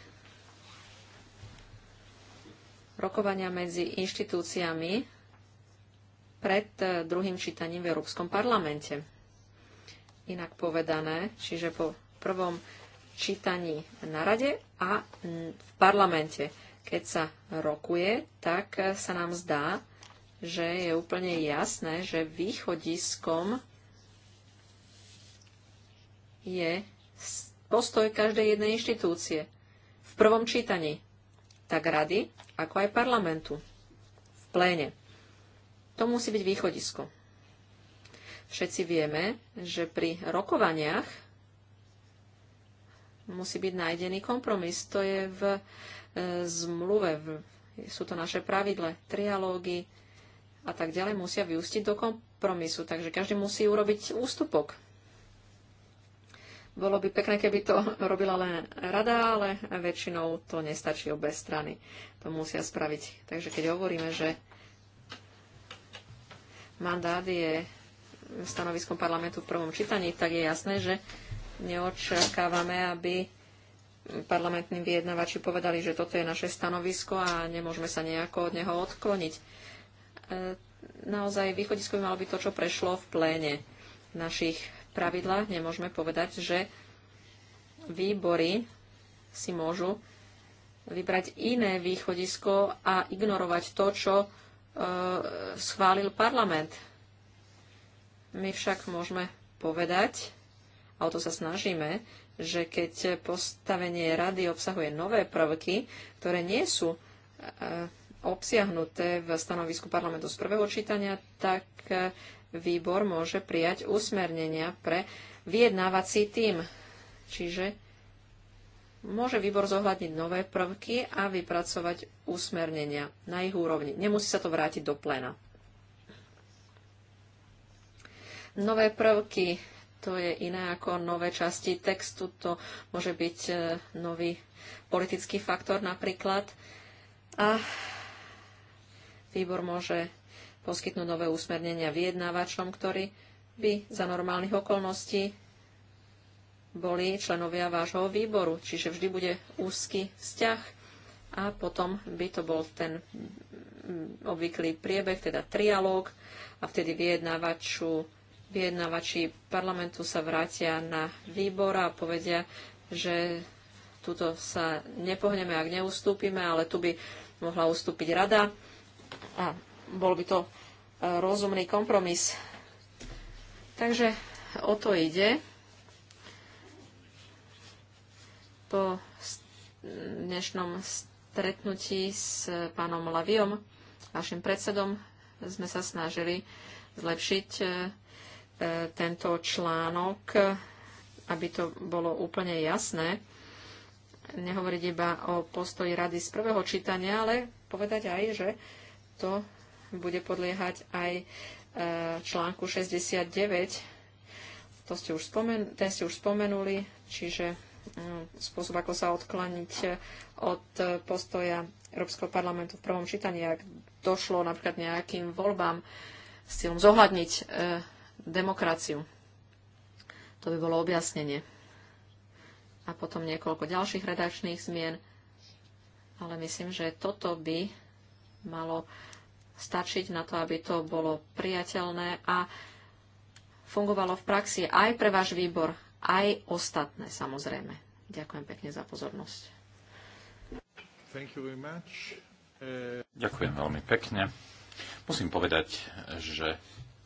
Rokovania medzi inštitúciami pred eh, druhým čítaním v Európskom parlamente. Inak povedané, čiže po prvom čítaní na rade a v parlamente keď sa rokuje, tak sa nám zdá, že je úplne jasné, že východiskom je postoj každej jednej inštitúcie v prvom čítaní, tak rady, ako aj parlamentu, v pléne. To musí byť východisko. Všetci vieme, že pri rokovaniach musí byť nájdený kompromis. To je v E, zmluve, sú to naše pravidle, trialógy a tak ďalej musia vyústiť do kompromisu, takže každý musí urobiť ústupok. Bolo by pekné, keby to robila len rada, ale väčšinou to nestačí obe strany. To musia spraviť. Takže keď hovoríme, že mandát je stanoviskom parlamentu v prvom čítaní, tak je jasné, že neočakávame, aby parlamentní vyjednavači povedali, že toto je naše stanovisko a nemôžeme sa nejako od neho odkloniť. E, naozaj východisko by malo byť to, čo prešlo v pléne V našich pravidlách. Nemôžeme povedať, že výbory si môžu vybrať iné východisko a ignorovať to, čo e, schválil parlament. My však môžeme povedať, a o to sa snažíme, že keď postavenie rady obsahuje nové prvky, ktoré nie sú e, obsiahnuté v stanovisku parlamentu z prvého čítania, tak e, výbor môže prijať usmernenia pre vyjednávací tým. Čiže môže výbor zohľadniť nové prvky a vypracovať usmernenia na ich úrovni. Nemusí sa to vrátiť do plena. Nové prvky to je iné ako nové časti textu. To môže byť e, nový politický faktor napríklad. A výbor môže poskytnúť nové úsmernenia vyjednávačom, ktorí by za normálnych okolností boli členovia vášho výboru. Čiže vždy bude úzky vzťah a potom by to bol ten mm, obvyklý priebeh, teda trialóg a vtedy vyjednávaču vyjednávači parlamentu sa vrátia na výbor a povedia, že tuto sa nepohneme, ak neustúpime, ale tu by mohla ustúpiť rada a bol by to e, rozumný kompromis. Takže o to ide. Po dnešnom stretnutí s pánom Laviom, našim predsedom, sme sa snažili zlepšiť e, E, tento článok, aby to bolo úplne jasné. Nehovoriť iba o postoji rady z prvého čítania, ale povedať aj, že to bude podliehať aj e, článku 69. To ste už spomen- ten ste už spomenuli, čiže e, spôsob, ako sa odklaniť od postoja Európskeho parlamentu v prvom čítaní, ak došlo napríklad nejakým voľbám s cieľom zohľadniť demokraciu. To by bolo objasnenie. A potom niekoľko ďalších redakčných zmien. Ale myslím, že toto by malo stačiť na to, aby to bolo priateľné a fungovalo v praxi aj pre váš výbor, aj ostatné samozrejme. Ďakujem pekne za pozornosť. Ďakujem veľmi pekne. Musím povedať, že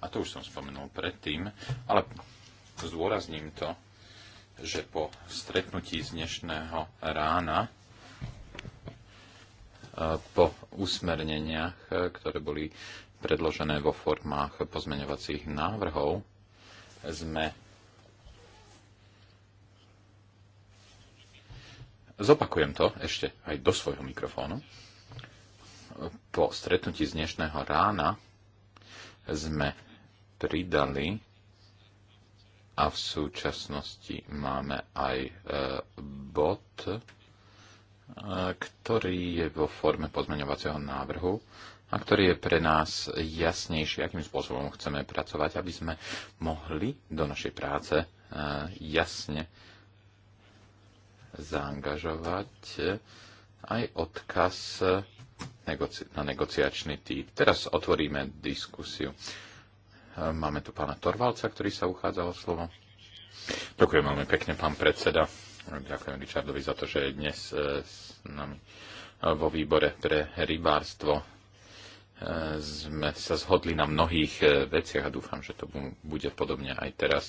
a to už som spomenul predtým, ale zdôrazním to, že po stretnutí z dnešného rána eh, po usmerneniach, eh, ktoré boli predložené vo formách pozmeňovacích návrhov, sme Zopakujem to ešte aj do svojho mikrofónu. Po stretnutí z dnešného rána sme pridali a v súčasnosti máme aj e, bod, e, ktorý je vo forme pozmeňovacieho návrhu a ktorý je pre nás jasnejší, akým spôsobom chceme pracovať, aby sme mohli do našej práce e, jasne zaangažovať aj odkaz na negociačný typ. Teraz otvoríme diskusiu. Ehm, máme tu pána Torvalca, ktorý sa uchádzal o slovo. Ďakujem veľmi pekne, pán predseda. Ďakujem Richardovi za to, že je dnes eh, s nami eh, vo výbore pre rybárstvo. Eh, sme sa zhodli na mnohých veciach a dúfam, že to bude podobne aj teraz.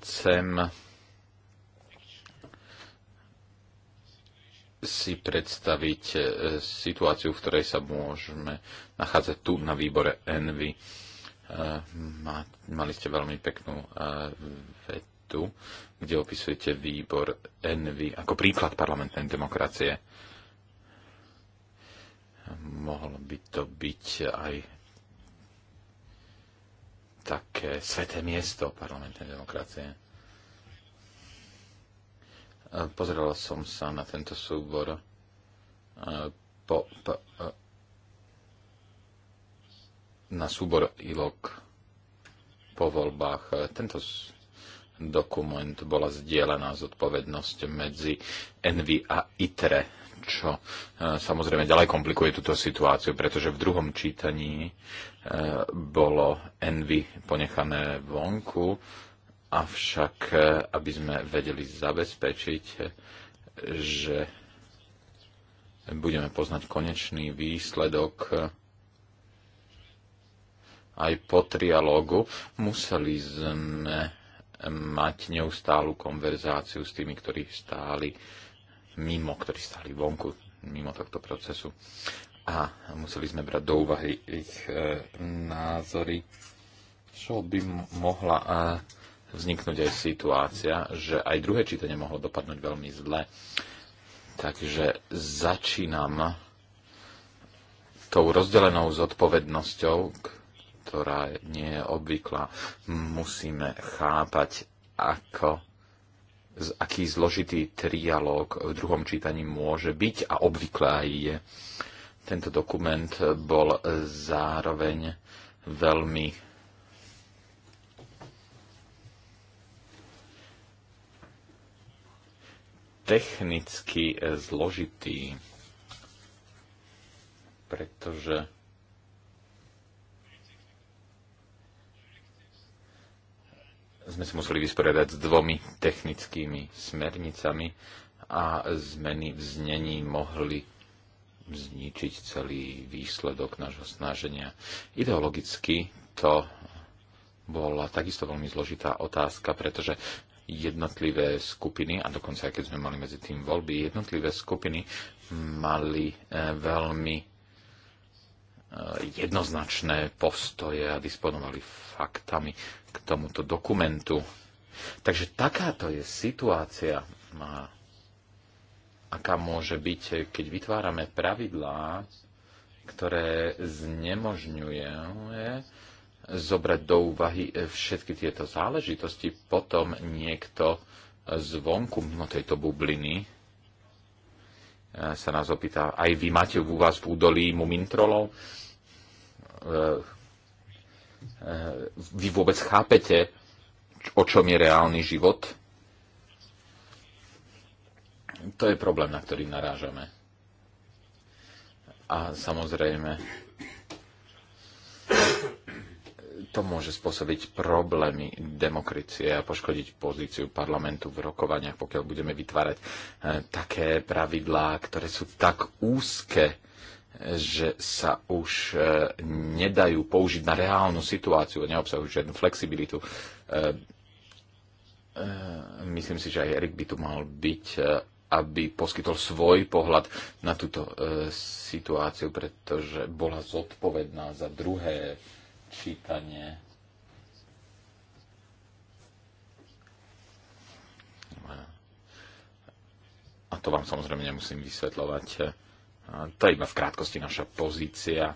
Chcem si predstaviť situáciu, v ktorej sa môžeme nachádzať tu na výbore Envy mali ste veľmi peknú vetu, kde opisujete výbor NV ako príklad parlamentnej demokracie. Mohlo by to byť aj také sveté miesto parlamentnej demokracie. Pozrela som sa na tento súbor po, po, na súbor ILOK po voľbách. Tento dokument bola zdieľaná zodpovednosť medzi Envy a ITRE, čo e, samozrejme ďalej komplikuje túto situáciu, pretože v druhom čítaní e, bolo Envy ponechané vonku, avšak e, aby sme vedeli zabezpečiť, že budeme poznať konečný výsledok aj po trialógu, museli sme mať neustálu konverzáciu s tými, ktorí stáli mimo, ktorí stáli vonku, mimo tohto procesu. A museli sme brať do úvahy ich e, názory. Čo by mohla e, vzniknúť aj situácia, že aj druhé čítanie mohlo dopadnúť veľmi zle. Takže začínam tou rozdelenou zodpovednosťou, ktorá nie je obvyklá, musíme chápať, ako aký zložitý trialóg v druhom čítaní môže byť a obvyklá aj je. Tento dokument bol zároveň veľmi technicky zložitý, pretože sme sa museli vysporiadať s dvomi technickými smernicami a zmeny v znení mohli zničiť celý výsledok nášho snaženia. Ideologicky to bola takisto veľmi zložitá otázka, pretože jednotlivé skupiny, a dokonca aj keď sme mali medzi tým voľby, jednotlivé skupiny mali e, veľmi e, jednoznačné postoje a disponovali faktami k tomuto dokumentu. Takže takáto je situácia, aká môže byť, keď vytvárame pravidlá, ktoré znemožňuje zobrať do úvahy všetky tieto záležitosti, potom niekto zvonku mimo tejto bubliny sa nás opýta, aj vy máte u vás v údolí mumintrolov? E, Eh, vy vôbec chápete, o čom je reálny život? To je problém, na ktorý narážame. A samozrejme, to môže spôsobiť problémy demokracie a poškodiť pozíciu parlamentu v rokovaniach, pokiaľ budeme vytvárať eh, také pravidlá, ktoré sú tak úzke, že sa už e, nedajú použiť na reálnu situáciu, neobsahujú žiadnu flexibilitu. E, e, myslím si, že aj Erik by tu mal byť, aby poskytol svoj pohľad na túto situáciu, pretože bola zodpovedná za druhé čítanie. A to vám samozrejme nemusím vysvetľovať to je iba v krátkosti naša pozícia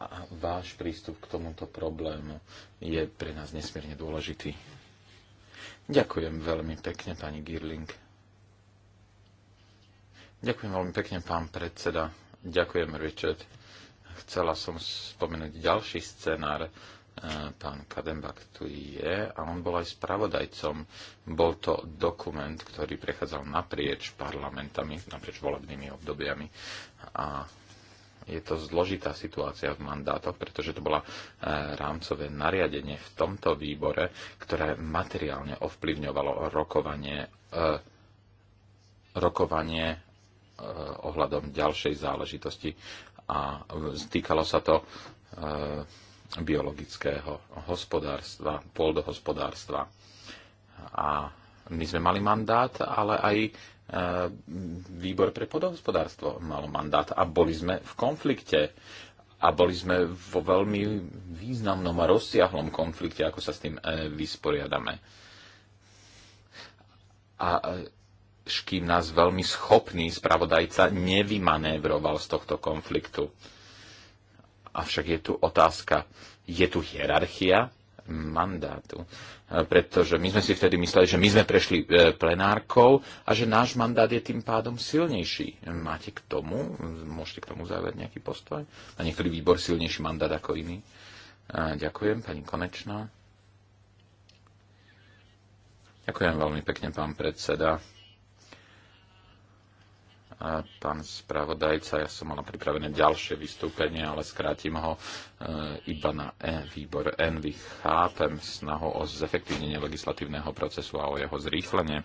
a váš prístup k tomuto problému je pre nás nesmierne dôležitý. Ďakujem veľmi pekne, pani Girling. Ďakujem veľmi pekne, pán predseda. Ďakujem, Richard. Chcela som spomenúť ďalší scenár, pán Kadembak tu je a on bol aj spravodajcom. Bol to dokument, ktorý prechádzal naprieč parlamentami, naprieč volebnými obdobiami a je to zložitá situácia v mandátoch, pretože to bola e, rámcové nariadenie v tomto výbore, ktoré materiálne ovplyvňovalo rokovanie, e, rokovanie e, ohľadom ďalšej záležitosti a stýkalo sa to biologického hospodárstva, pôldohospodárstva. A my sme mali mandát, ale aj e, výbor pre podohospodárstvo mal mandát a boli sme v konflikte. A boli sme vo veľmi významnom a rozsiahlom konflikte, ako sa s tým e, vysporiadame. A e, škým nás veľmi schopný spravodajca nevymanévroval z tohto konfliktu. Avšak je tu otázka, je tu hierarchia mandátu, e, pretože my sme si vtedy mysleli, že my sme prešli e, plenárkou a že náš mandát je tým pádom silnejší. Máte k tomu, môžete k tomu zaujať nejaký postoj? A niektorý výbor silnejší mandát ako iný? E, ďakujem, pani Konečná. Ďakujem veľmi pekne, pán predseda pán spravodajca. Ja som mal pripravené ďalšie vystúpenie, ale skrátim ho e, iba na e, výbor Envy. Chápem snahu o zefektívnenie legislatívneho procesu a o jeho zrýchlenie. E,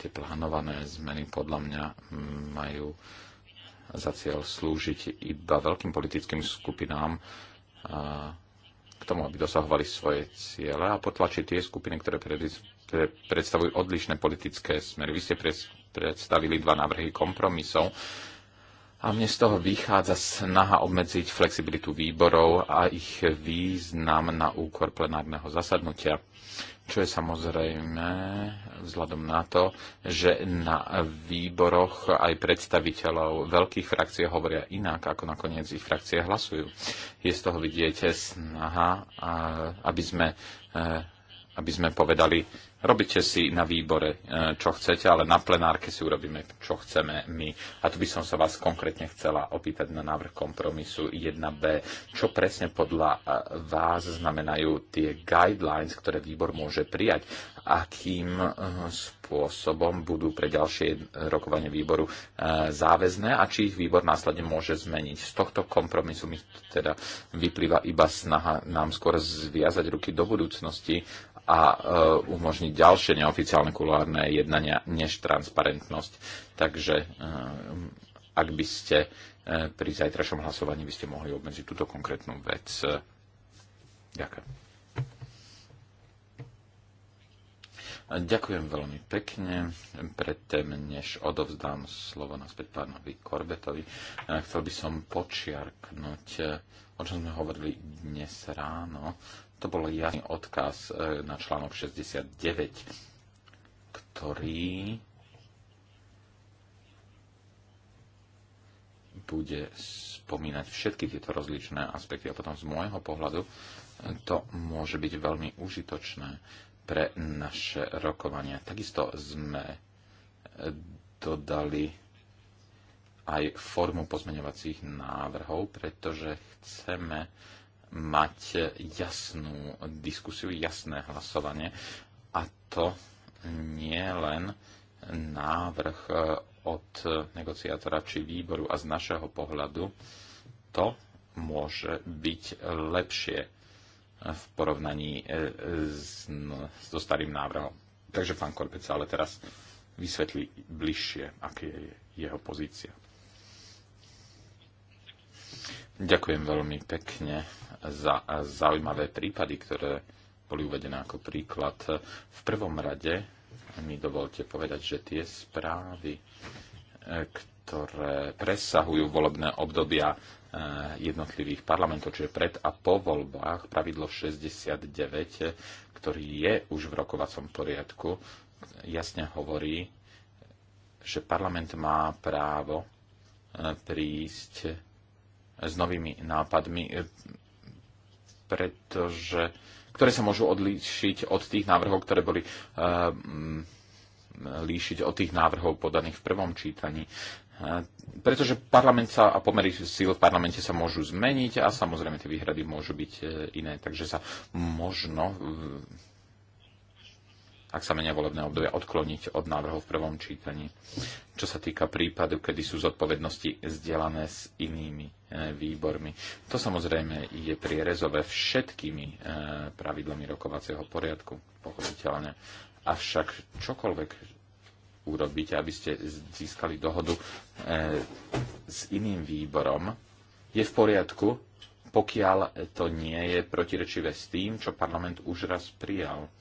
tie plánované zmeny podľa mňa mm, majú za cieľ slúžiť iba veľkým politickým skupinám, e, k tomu, aby dosahovali svoje ciele a potlačiť tie skupiny, ktoré predstavujú odlišné politické smery. Vy ste predstavili dva návrhy kompromisov. A mne z toho vychádza snaha obmedziť flexibilitu výborov a ich význam na úkor plenárneho zasadnutia, čo je samozrejme vzhľadom na to, že na výboroch aj predstaviteľov veľkých frakcií hovoria inak, ako nakoniec ich frakcie hlasujú. Je z toho vidieť snaha, aby sme, e, aby sme povedali, Robíte si na výbore, e, čo chcete, ale na plenárke si urobíme, čo chceme my. A tu by som sa vás konkrétne chcela opýtať na návrh kompromisu 1b. Čo presne podľa e, vás znamenajú tie guidelines, ktoré výbor môže prijať? Akým e, spôsobom budú pre ďalšie rokovanie výboru záväzné a či ich výbor následne môže zmeniť? Z tohto kompromisu mi teda vyplýva iba snaha nám skôr zviazať ruky do budúcnosti, a e, umožniť ďalšie neoficiálne kulárne jednania než transparentnosť. Takže e, ak by ste e, pri zajtrašom hlasovaní by ste mohli obmedziť túto konkrétnu vec. Ďakujem. Ďakujem veľmi pekne. Predtým, než odovzdám slovo naspäť pánovi Korbetovi, chcel by som počiarknúť, o čom sme hovorili dnes ráno to bol jasný odkaz e, na článok 69, ktorý bude spomínať všetky tieto rozličné aspekty. A potom z môjho pohľadu e, to môže byť veľmi užitočné pre naše rokovania. Takisto sme e, dodali aj formu pozmeňovacích návrhov, pretože chceme mať jasnú diskusiu, jasné hlasovanie a to nie len návrh e, od negociátora či výboru a z našeho pohľadu to môže byť lepšie v porovnaní e, s, so starým návrhom. Takže pán Korpec, ale teraz vysvetlí bližšie, aké je jeho pozícia. Ďakujem veľmi pekne za zaujímavé prípady, ktoré boli uvedené ako príklad. V prvom rade mi dovolte povedať, že tie správy, ktoré presahujú volebné obdobia eh, jednotlivých parlamentov, čiže pred a po voľbách, pravidlo 69, ktorý je už v rokovacom poriadku, jasne hovorí, že parlament má právo eh, prísť s novými nápadmi, e, pretože, ktoré sa môžu odlíšiť od tých návrhov, ktoré boli e, líšiť od tých návrhov podaných v prvom čítaní. E, pretože parlament sa a pomery síl v parlamente sa môžu zmeniť a samozrejme tie výhrady môžu byť iné, takže sa možno ak sa menia volebné obdobia, odkloniť od návrhov v prvom čítaní. Čo sa týka prípadu, kedy sú zodpovednosti zdelané s inými e, výbormi. To samozrejme je prierezové všetkými e, pravidlami rokovacieho poriadku, pochopiteľne. Avšak čokoľvek urobíte, aby ste získali dohodu e, s iným výborom, je v poriadku, pokiaľ to nie je protirečivé s tým, čo parlament už raz prijal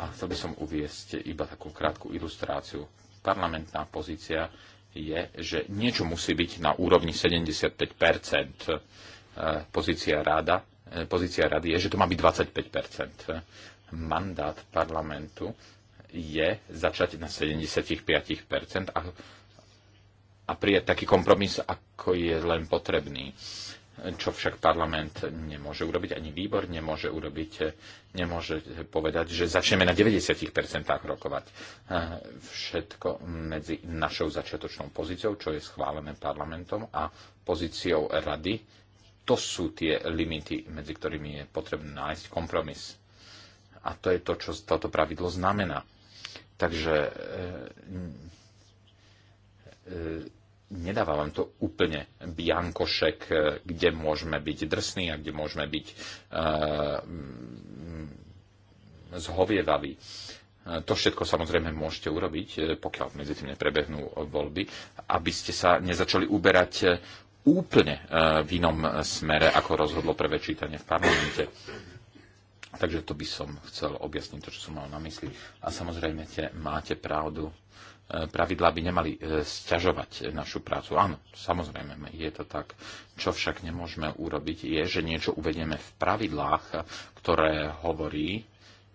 a chcel by som uviesť iba takú krátku ilustráciu. Parlamentná pozícia je, že niečo musí byť na úrovni 75 e, Pozícia, ráda, e, pozícia rady je, že to má byť 25 Mandát parlamentu je začať na 75 a, a prijať taký kompromis, ako je len potrebný čo však parlament nemôže urobiť, ani výbor nemôže urobiť, nemôže povedať, že začneme na 90% rokovať. Všetko medzi našou začiatočnou pozíciou, čo je schválené parlamentom, a pozíciou rady, to sú tie limity, medzi ktorými je potrebné nájsť kompromis. A to je to, čo toto pravidlo znamená. Takže e, e, nedáva vám to úplne biankošek, e, kde môžeme byť drsní a kde môžeme byť e, mm, zhovievaví. E, to všetko samozrejme môžete urobiť, pokiaľ medzi tým neprebehnú voľby, aby ste sa nezačali uberať úplne v inom smere, ako rozhodlo prvé čítanie v parlamente. Takže to by som chcel objasniť to, čo som mal na mysli. A samozrejme, máte pravdu, pravidlá by nemali e, sťažovať našu prácu. Áno, samozrejme, je to tak. Čo však nemôžeme urobiť, je, že niečo uvedieme v pravidlách, ktoré hovorí,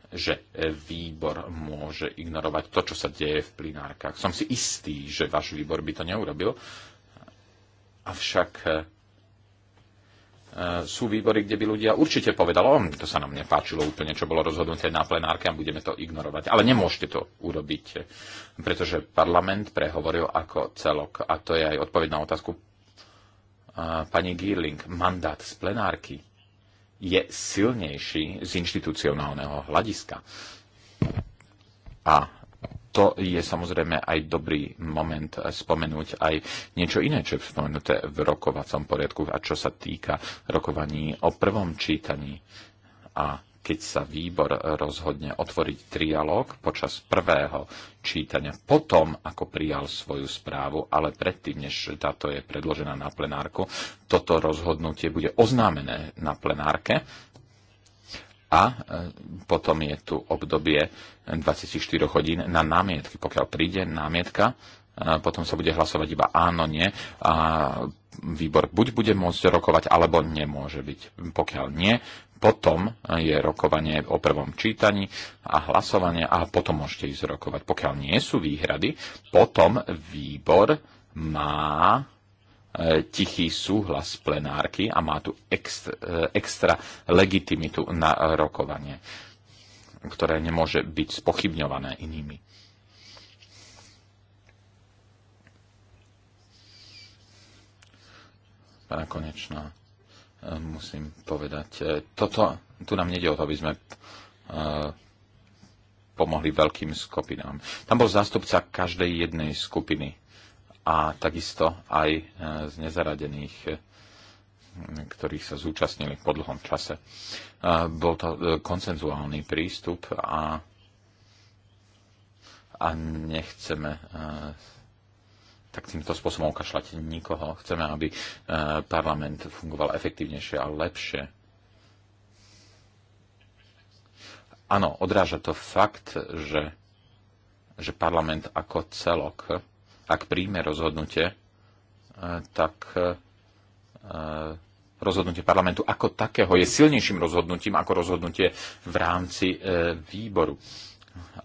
že výbor môže ignorovať to, čo sa deje v plinárkach. Som si istý, že váš výbor by to neurobil, avšak E, sú výbory, kde by ľudia určite povedalo, hm, to sa nám nepáčilo úplne, čo bolo rozhodnuté na plenárke a budeme to ignorovať. Ale nemôžete to urobiť, pretože parlament prehovoril ako celok. A to je aj odpoveď na otázku e, pani Gierling. Mandát z plenárky je silnejší z inštitucionálneho hľadiska. A to je samozrejme aj dobrý moment spomenúť aj niečo iné, čo je spomenuté v rokovacom poriadku a čo sa týka rokovaní o prvom čítaní. A keď sa výbor rozhodne otvoriť trialóg počas prvého čítania, potom ako prijal svoju správu, ale predtým, než táto je predložená na plenárku, toto rozhodnutie bude oznámené na plenárke a e, potom je tu obdobie 24 hodín na námietky. Pokiaľ príde námietka, e, potom sa bude hlasovať iba áno, nie. A výbor buď bude môcť rokovať, alebo nemôže byť. Pokiaľ nie, potom je rokovanie o prvom čítaní a hlasovanie a potom môžete ísť rokovať. Pokiaľ nie sú výhrady, potom výbor má E, tichý súhlas plenárky a má tu extra, e, extra legitimitu na rokovanie, ktoré nemôže byť spochybňované inými. Pána Konečná, e, musím povedať, toto, tu nám nede o to, aby sme pomohli veľkým skupinám. Tam bol zástupca každej jednej skupiny a takisto aj e, z nezaradených, e, ktorých sa zúčastnili po dlhom čase. E, bol to koncenzuálny prístup a, a nechceme tak týmto spôsobom okašľať nikoho. Chceme, aby parlament fungoval efektívnejšie a lepšie. Áno, odráža to fakt, že, že parlament ako celok ak príjme rozhodnutie, e, tak e, e, rozhodnutie parlamentu ako takého je silnejším rozhodnutím ako rozhodnutie v rámci výboru.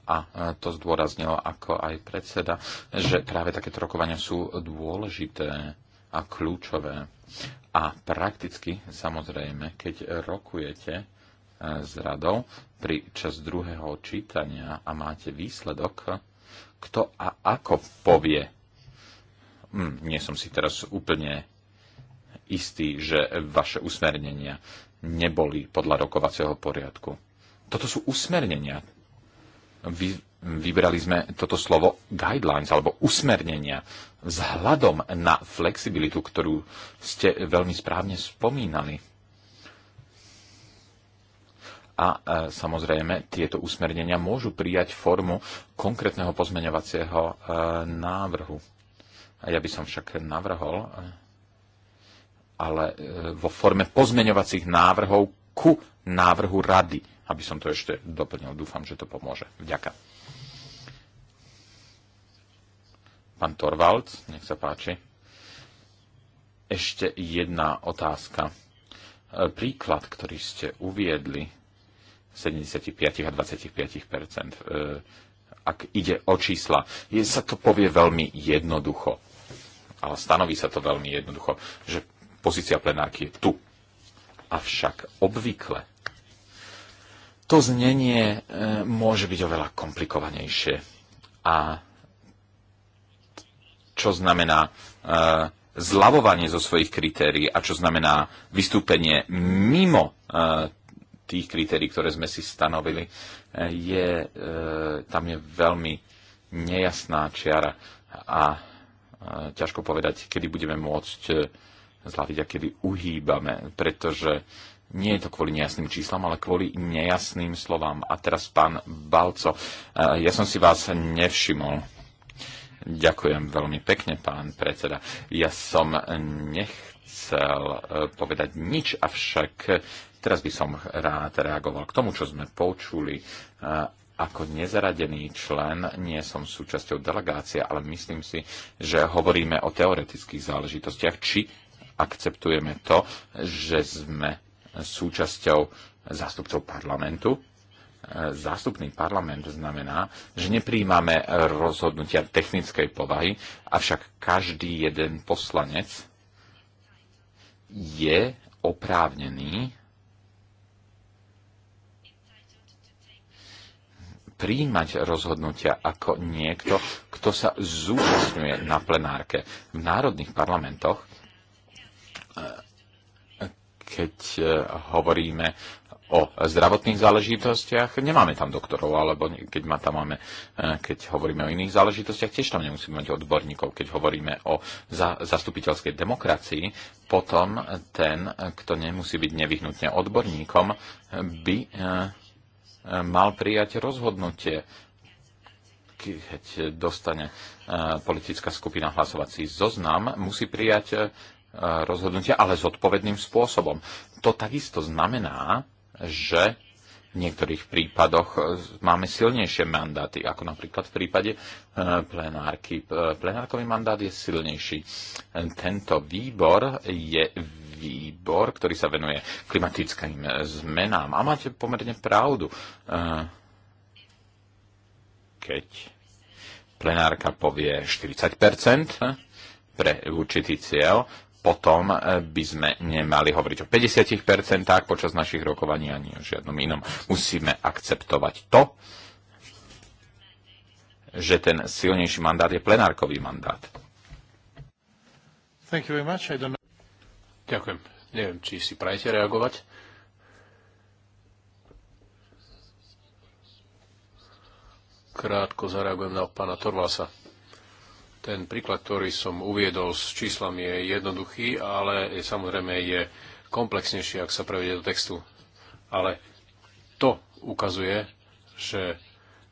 A to zdôraznilo ako aj predseda, že práve takéto rokovania sú dôležité a kľúčové. A prakticky, samozrejme, keď rokujete s radou pri čas druhého čítania a máte výsledok, kto a ako povie. Hm, nie som si teraz úplne istý, že vaše usmernenia neboli podľa rokovacieho poriadku. Toto sú usmernenia. Vy, vybrali sme toto slovo guidelines alebo usmernenia vzhľadom na flexibilitu, ktorú ste veľmi správne spomínali a e, samozrejme tieto usmernenia môžu prijať formu konkrétneho pozmeňovacieho e, návrhu. Ja by som však navrhol, e, ale vo forme pozmeňovacích návrhov ku návrhu rady, aby som to ešte doplnil. Dúfam, že to pomôže. Vďaka. Pán Torvald, nech sa páči. Ešte jedna otázka. Príklad, ktorý ste uviedli, 75 a 25 e, ak ide o čísla. Je, sa to povie veľmi jednoducho. Ale stanoví sa to veľmi jednoducho, že pozícia plenárky je tu. Avšak obvykle to znenie e, môže byť oveľa komplikovanejšie. A čo znamená e, zlavovanie zo svojich kritérií a čo znamená vystúpenie mimo tých kritérií, ktoré sme si stanovili, je, e, tam je veľmi nejasná čiara a e, ťažko povedať, kedy budeme môcť e, zlaviť a kedy uhýbame, pretože nie je to kvôli nejasným číslam, ale kvôli nejasným slovám. A teraz pán Balco, ja som si vás nevšimol. Ďakujem veľmi pekne, pán predseda. Ja som nechcel povedať nič, avšak Teraz by som rád reagoval k tomu, čo sme počuli. Ako nezaradený člen nie som súčasťou delegácie, ale myslím si, že hovoríme o teoretických záležitostiach, či akceptujeme to, že sme súčasťou zástupcov parlamentu. E, zástupný parlament znamená, že nepríjmame rozhodnutia technickej povahy, avšak každý jeden poslanec je oprávnený príjmať rozhodnutia ako niekto, kto sa zúčastňuje na plenárke. V národných parlamentoch, keď e, hovoríme o zdravotných záležitostiach. Nemáme tam doktorov, alebo keď, ma tam máme, e, keď hovoríme o iných záležitostiach, tiež tam nemusíme mať odborníkov. Keď hovoríme o za, zastupiteľskej demokracii, potom ten, kto nemusí byť nevyhnutne odborníkom, by e, mal prijať rozhodnutie, keď dostane e, politická skupina hlasovací zoznam, musí prijať e, rozhodnutie, ale zodpovedným spôsobom. To takisto znamená, že v niektorých prípadoch e, máme silnejšie mandáty, ako napríklad v prípade e, plenárky. E, plenárkový mandát je silnejší. Tento výbor je výbor, ktorý sa venuje klimatickým zmenám. A máte pomerne pravdu, keď plenárka povie 40 pre určitý cieľ, potom eh, by sme nemali hovoriť o 50% počas našich rokovaní ani o žiadnom inom. Musíme akceptovať to, že ten silnejší mandát je plenárkový mandát. Thank you very much. I don't... Ďakujem. Neviem, či si prajete reagovať. Krátko zareagujem na pána Torvalsa ten príklad, ktorý som uviedol s číslami, je jednoduchý, ale samozrejme je komplexnejší, ak sa prevedie do textu. Ale to ukazuje, že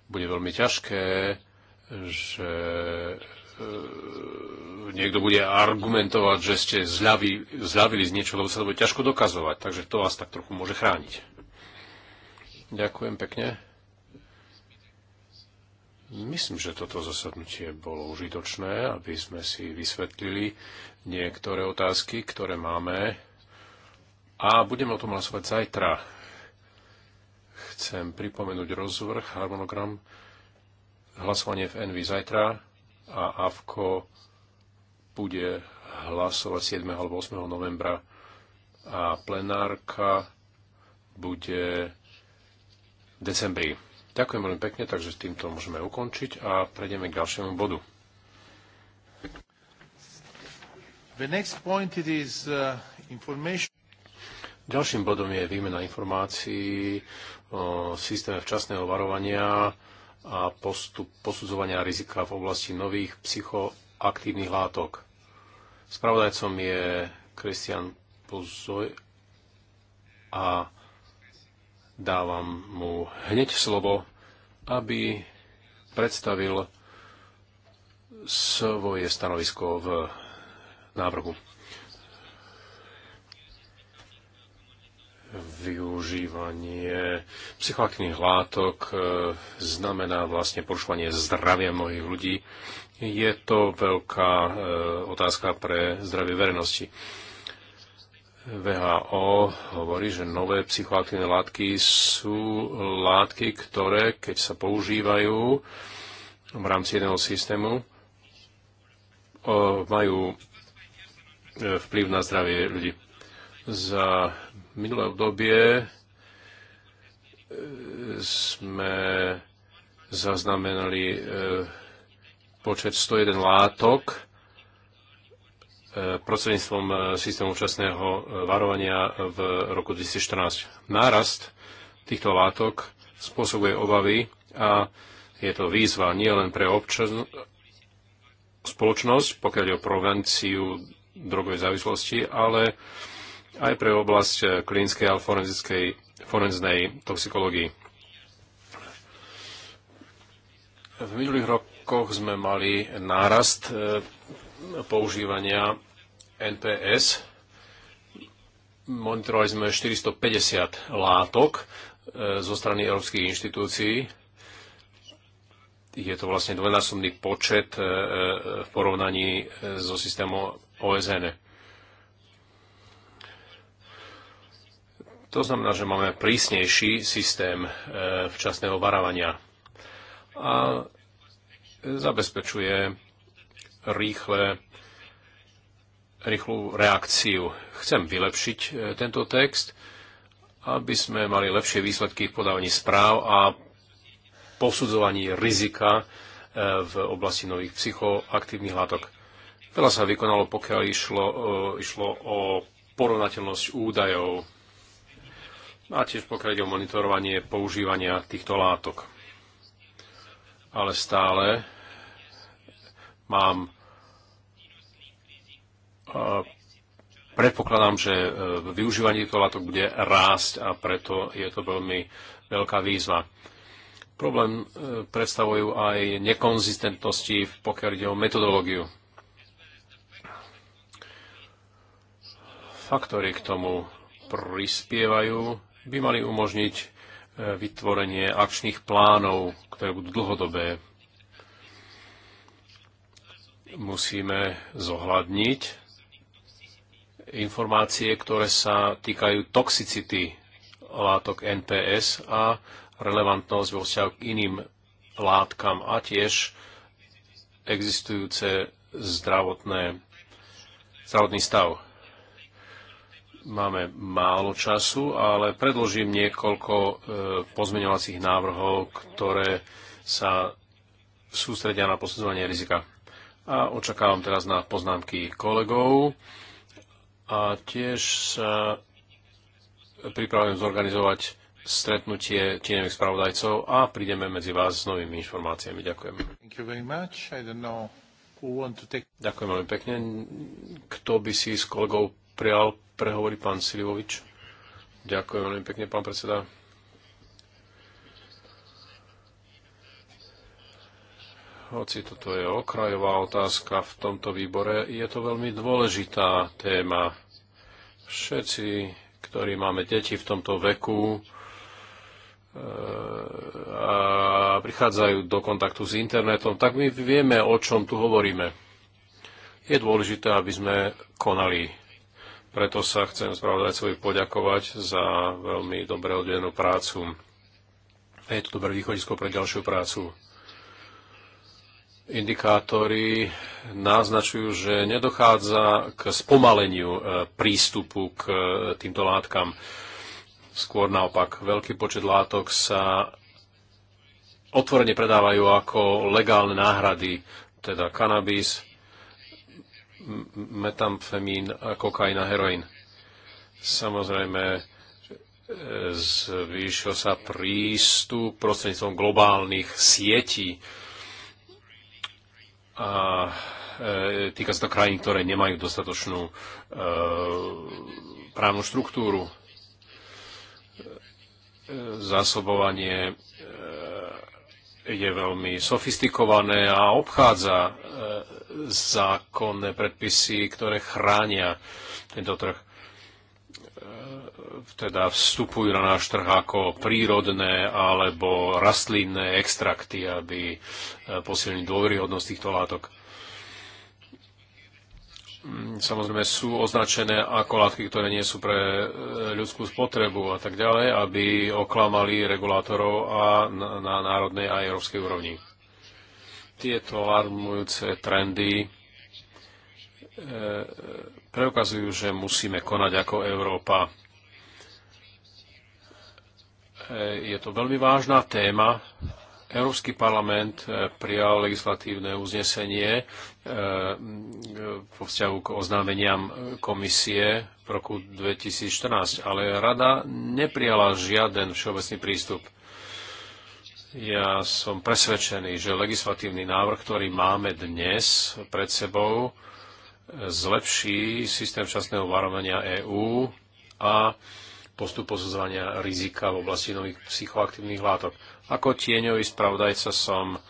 bude veľmi ťažké, že e, niekto bude argumentovať, že ste zľavi, zľavili z niečo, lebo sa to bude ťažko dokazovať. Takže to vás tak trochu môže chrániť. Ďakujem pekne. Myslím, že toto zasadnutie bolo užitočné, aby sme si vysvetlili niektoré otázky, ktoré máme a budeme o tom hlasovať zajtra. Chcem pripomenúť rozvrh, harmonogram, hlasovanie v Envy zajtra a AVKO bude hlasovať 7. alebo 8. novembra a plenárka bude v decembri. Ďakujem veľmi pekne, takže s týmto môžeme ukončiť a prejdeme k ďalšiemu bodu. The next point it is, uh, information. Ďalším bodom je výmena informácií o systéme včasného varovania a postup posudzovania rizika v oblasti nových psychoaktívnych látok. Spravodajcom je Christian Pozoj a Dávam mu hneď slovo, aby predstavil svoje stanovisko v návrhu. využívanie psychoaktívnych látok e, znamená vlastne porušovanie zdravia mnohých ľudí. Je to veľká e, otázka pre zdravie verejnosti. VHO hovorí, že nové psychoaktívne látky sú látky, ktoré, keď sa používajú v rámci jedného systému, majú e, vplyv na zdravie ľudí. Za minulé obdobie e, sme zaznamenali e, počet 101 látok, E, prostredníctvom e, systému včasného e, varovania v roku 2014. Nárast týchto látok spôsobuje obavy a je to výzva nielen pre občan, spoločnosť, pokiaľ je o prevenciu drogovej závislosti, ale aj pre oblasť klinickej a forenzickej, forenznej toxikológii. V minulých rokoch sme mali nárast No, používania NPS. Monitorovali sme 450 látok e, zo strany európskych inštitúcií. Je to vlastne dvojnásobný počet e, e, v porovnaní so systémom OSN. To znamená, že máme prísnejší systém včasného varovania a zabezpečuje rýchle, rýchlu reakciu. Chcem vylepšiť e, tento text, aby sme mali lepšie výsledky v podávaní správ a posudzovaní rizika e, v oblasti nových psychoaktívnych látok. Veľa sa vykonalo, pokiaľ išlo, e, išlo o porovnateľnosť údajov a tiež pokiaľ ide o monitorovanie používania týchto látok. Ale stále mám e, predpokladám, že e, využívanie týchto látok bude rásť a preto je to veľmi veľká výzva. Problém e, predstavujú aj nekonzistentnosti, pokiaľ ide o metodológiu. Faktory k tomu prispievajú, by mali umožniť vytvorenie akčných plánov, ktoré budú dlhodobé musíme zohľadniť informácie, ktoré sa týkajú toxicity látok NPS a relevantnosť vo vzťahu k iným látkam a tiež existujúce zdravotné, zdravotný stav. Máme málo času, ale predložím niekoľko e, pozmeňovacích návrhov, ktoré sa sústredia na posudzovanie rizika. A očakávam teraz na poznámky kolegov. A tiež sa pripravujem zorganizovať stretnutie tieňových spravodajcov a prídeme medzi vás s novými informáciami. Ďakujem. Ďakujem veľmi pekne. Kto by si s kolegou prijal prehovorí pán Silivovič? Ďakujem veľmi pekne, pán predseda. hoci toto je okrajová otázka v tomto výbore, je to veľmi dôležitá téma. Všetci, ktorí máme deti v tomto veku, eh, a prichádzajú do kontaktu s internetom, tak my vieme, o čom tu hovoríme. Je dôležité, aby sme konali. Preto sa chcem spravodajcovi poďakovať za veľmi dobre odvedenú prácu. Je to dobré východisko pre ďalšiu prácu indikátory naznačujú, že nedochádza k spomaleniu e, prístupu k e, týmto látkam. Skôr naopak, veľký počet látok sa otvorene predávajú ako legálne náhrady, teda kanabis, metamfemín, kokain a heroin. Samozrejme, e, zvýšil sa prístup prostredníctvom globálnych sietí a e, týka sa to krajín, ktoré nemajú dostatočnú e, právnu štruktúru, e, zásobovanie e, je veľmi sofistikované a obchádza e, zákonné predpisy, ktoré chránia tento trh teda vstupujú na náš trh ako prírodné alebo rastlinné extrakty, aby e, posilnili dôveryhodnosť týchto látok. Mm, samozrejme sú označené ako látky, ktoré nie sú pre e, ľudskú spotrebu a tak ďalej, aby oklamali regulátorov a na, na národnej a európskej úrovni. Tieto alarmujúce trendy e, preukazujú, že musíme konať ako Európa je to veľmi vážna téma. Európsky parlament eh, prijal legislatívne uznesenie eh, vo vzťahu k oznámeniam eh, komisie v roku 2014, ale rada neprijala žiaden všeobecný prístup. Ja som presvedčený, že legislatívny návrh, ktorý máme dnes pred sebou, zlepší systém včasného varovania EÚ a postup posudzovania rizika v oblasti nových psychoaktívnych látok. Ako tieňový spravodajca som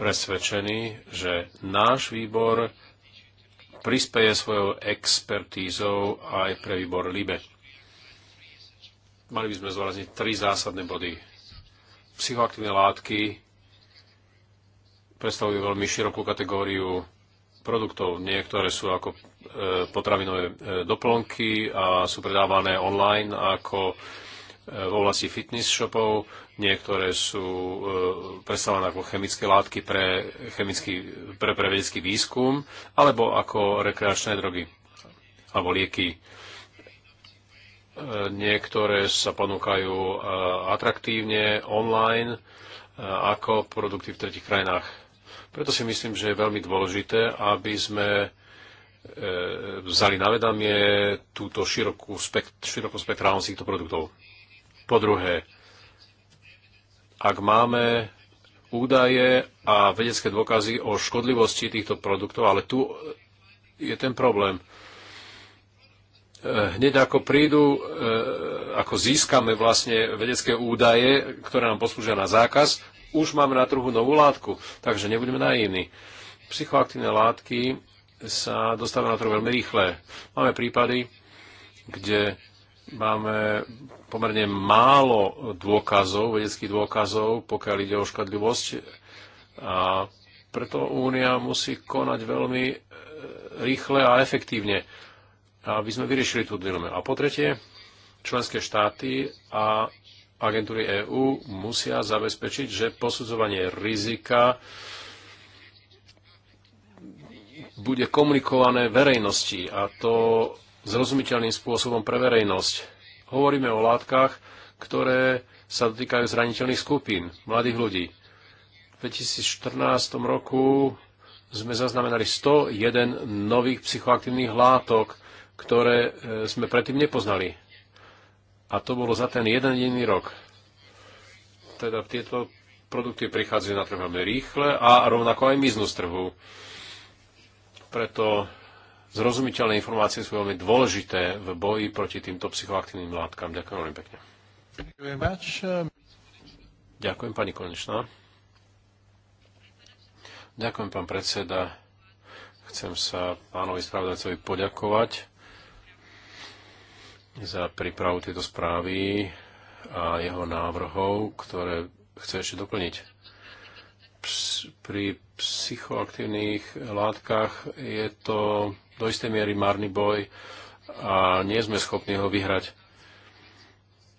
presvedčený, že náš výbor prispieje svojou expertízou aj pre výbor LIBE. Mali by sme zvorazniť tri zásadné body. Psychoaktívne látky predstavujú veľmi širokú kategóriu produktov. Niektoré sú ako e, potravinové e, doplnky a sú predávané online ako e, v oblasti fitness shopov, niektoré sú predstavené ako chemické látky pre, chemický, pre, pre vedecký výskum, alebo ako rekreačné drogy, alebo lieky. Niektoré sa ponúkajú atraktívne online ako produkty v tretich krajinách preto si myslím, že je veľmi dôležité, aby sme e, vzali na vedomie túto širokú, spekt, širokú spektrálnosť týchto produktov. Po druhé, ak máme údaje a vedecké dôkazy o škodlivosti týchto produktov, ale tu je ten problém. E, hneď ako prídu, e, ako získame vlastne vedecké údaje, ktoré nám poslúžia na zákaz, už máme na trhu novú látku, takže nebudeme naivní. Psychoaktívne látky sa dostávajú na trhu veľmi rýchle. Máme prípady, kde máme pomerne málo dôkazov, vedeckých dôkazov, pokiaľ ide o škodlivosť. A preto Únia musí konať veľmi e, rýchle a efektívne, aby sme vyriešili tú dilemu. A po tretie, členské štáty a agentúry EÚ musia zabezpečiť, že posudzovanie rizika bude komunikované verejnosti a to zrozumiteľným spôsobom pre verejnosť. Hovoríme o látkach, ktoré sa dotýkajú zraniteľných skupín, mladých ľudí. V 2014 roku sme zaznamenali 101 nových psychoaktívnych látok, ktoré e, sme predtým nepoznali. A to bolo za ten jeden jediný rok. Teda tieto produkty prichádzajú na trh veľmi rýchle a rovnako aj miznú z trhu. Preto zrozumiteľné informácie sú veľmi dôležité v boji proti týmto psychoaktívnym látkam. Ďakujem veľmi pekne. Ďakujem, pani Konečná. Ďakujem, pán predseda. Chcem sa pánovi spravodajcovi poďakovať za prípravu tejto správy a jeho návrhov, ktoré chce ešte doplniť. Pri psychoaktívnych látkach je to do istej miery marný boj a nie sme schopní ho vyhrať.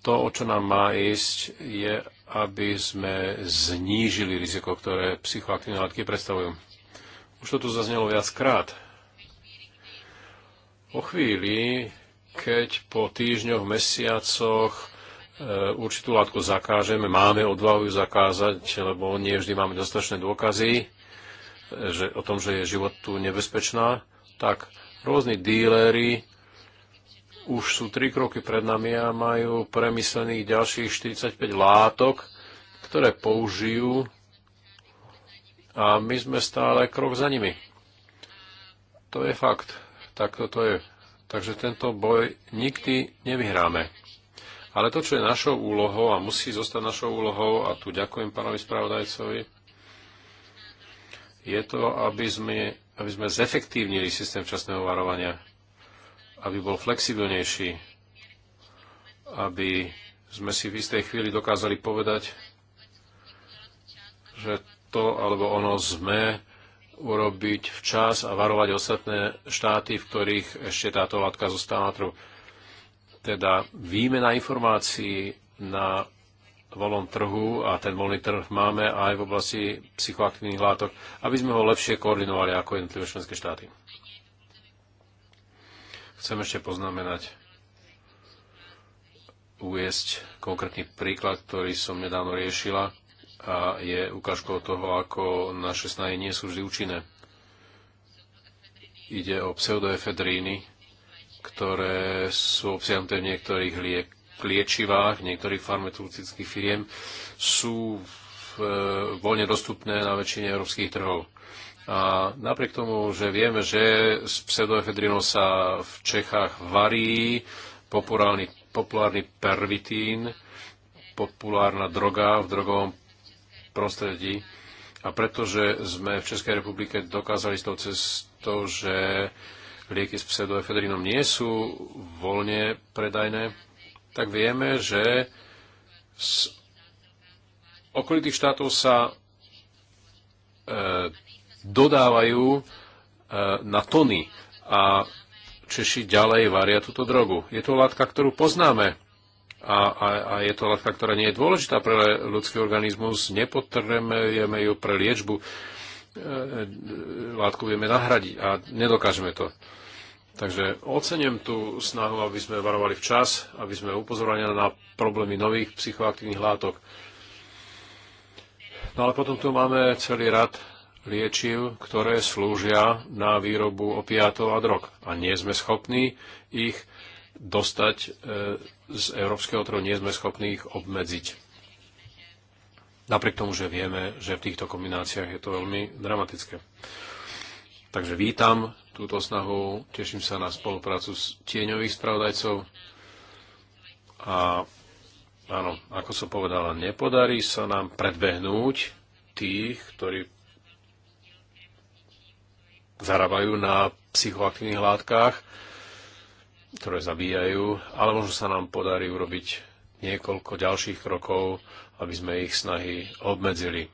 To, o čo nám má ísť, je, aby sme znížili riziko, ktoré psychoaktívne látky predstavujú. Už to tu zaznelo viackrát. O chvíli keď po týždňoch, mesiacoch e, určitú látku zakážeme, máme odvahu ju zakázať, lebo nie vždy máme dostatočné dôkazy e, že, o tom, že je životu nebezpečná, tak rôzni díleri už sú tri kroky pred nami a majú premyslených ďalších 45 látok, ktoré použijú a my sme stále krok za nimi. To je fakt. Tak toto je. Takže tento boj nikdy nevyhráme. Ale to, čo je našou úlohou a musí zostať našou úlohou, a tu ďakujem pánovi spravodajcovi, je to, aby sme, aby sme zefektívnili systém včasného varovania, aby bol flexibilnejší, aby sme si v istej chvíli dokázali povedať, že to alebo ono sme urobiť včas a varovať ostatné štáty, v ktorých ešte táto látka zostáva na trhu. Teda výmena informácií na voľnom trhu a ten voľný trh máme aj v oblasti psychoaktívnych látok, aby sme ho lepšie koordinovali ako jednotlivé členské štáty. Chcem ešte poznamenať, uviesť konkrétny príklad, ktorý som nedávno riešila a je ukážkou toho, ako naše snahy nie sú vždy účinné. Ide o pseudoefedríny, ktoré sú obsiahnuté v niektorých liek, liečivách, niektorých farmaceutických firiem, sú e, voľne dostupné na väčšine európskych trhov. A napriek tomu, že vieme, že s pseudoefedrinou sa v Čechách varí populárny, populárny pervitín, populárna droga v drogovom prostredí. A pretože sme v Českej republike dokázali s tou cestou, že lieky s pseudoefedrinom nie sú voľne predajné, tak vieme, že z okolitých štátov sa e, dodávajú e, na tony a Češi ďalej varia túto drogu. Je to látka, ktorú poznáme a, a, a je to látka, ktorá nie je dôležitá pre ľudský organizmus, nepotrebujeme ju pre liečbu, e, e, látku vieme nahradiť a nedokážeme to. Takže ocenujem tú snahu, aby sme varovali včas, aby sme upozorovali na problémy nových psychoaktívnych látok. No ale potom tu máme celý rad liečiv, ktoré slúžia na výrobu opiátov a drog. A nie sme schopní ich dostať e, z európskeho trhu nie sme schopní ich obmedziť. Napriek tomu, že vieme, že v týchto kombináciách je to veľmi dramatické. Takže vítam túto snahu, teším sa na spoluprácu s tieňových spravodajcov a áno, ako som povedala, nepodarí sa nám predbehnúť tých, ktorí zarábajú na psychoaktívnych látkach, ktoré zabíjajú, ale možno sa nám podarí urobiť niekoľko ďalších krokov, aby sme ich snahy obmedzili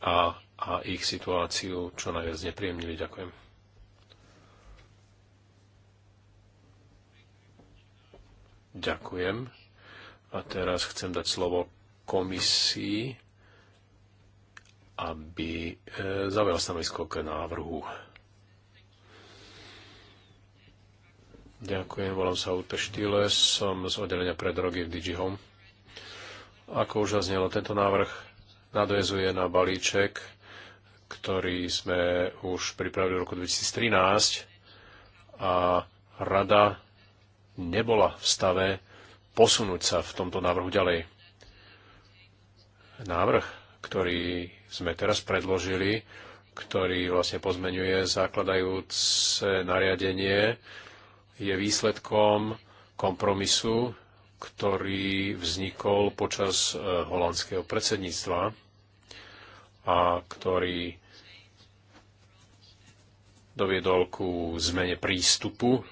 a, a ich situáciu čo najviac nepríjemnili. Ďakujem. Ďakujem. A teraz chcem dať slovo komisii, aby e, zaujala stanovisko k návrhu. Ďakujem, volám sa Ute Štýle, som z oddelenia pre drogy v DigiHome. Ako už zaznelo, tento návrh nadvezuje na balíček, ktorý sme už pripravili v roku 2013 a rada nebola v stave posunúť sa v tomto návrhu ďalej. Návrh, ktorý sme teraz predložili, ktorý vlastne pozmenuje zakladajúce nariadenie je výsledkom kompromisu, ktorý vznikol počas e, holandského predsedníctva a ktorý doviedol ku zmene prístupu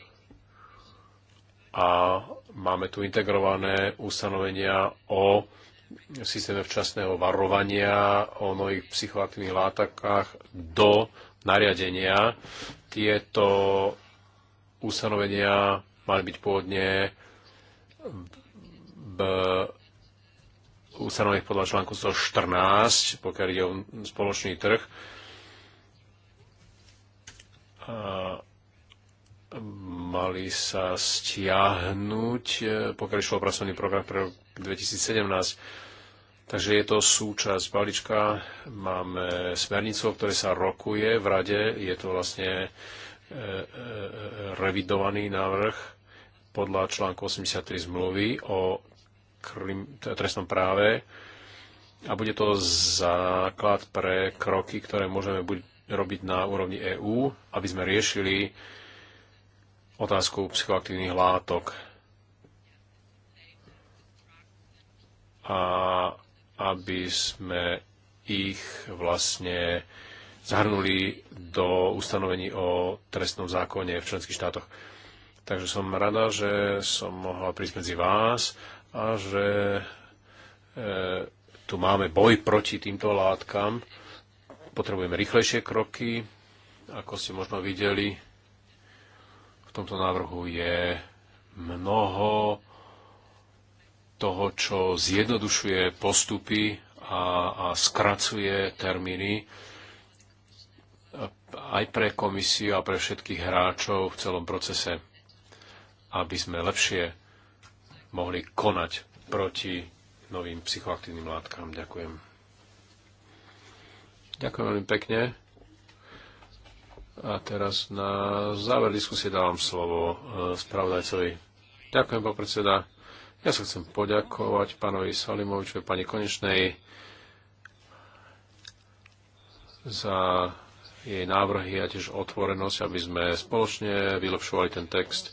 a máme tu integrované ustanovenia o systéme včasného varovania o nových psychoaktívnych látakách do nariadenia. Tieto ustanovenia mali byť pôvodne v ustanovených podľa článku 114, pokiaľ ide o spoločný trh. A mali sa stiahnuť, e, pokiaľ išlo pracovný program pre rok 2017. Takže je to súčasť balíčka. Máme smernicu, o ktorej sa rokuje v rade. Je to vlastne revidovaný návrh podľa článku 83 zmluvy o trestnom práve a bude to základ pre kroky, ktoré môžeme robiť na úrovni EÚ, aby sme riešili otázku psychoaktívnych látok a aby sme ich vlastne zahrnuli do ustanovení o trestnom zákone v členských štátoch. Takže som rada, že som mohla prísť medzi vás a že e, tu máme boj proti týmto látkam. Potrebujeme rýchlejšie kroky. Ako ste možno videli, v tomto návrhu je mnoho toho, čo zjednodušuje postupy a, a skracuje termíny aj pre komisiu a pre všetkých hráčov v celom procese, aby sme lepšie mohli konať proti novým psychoaktívnym látkam. Ďakujem. Ďakujem veľmi pekne. A teraz na záver diskusie dávam slovo e, spravodajcovi. Ďakujem, pán predseda. Ja sa chcem poďakovať pánovi Salimovičovi, pani Konečnej za jej návrhy a tiež otvorenosť, aby sme spoločne vylepšovali ten text.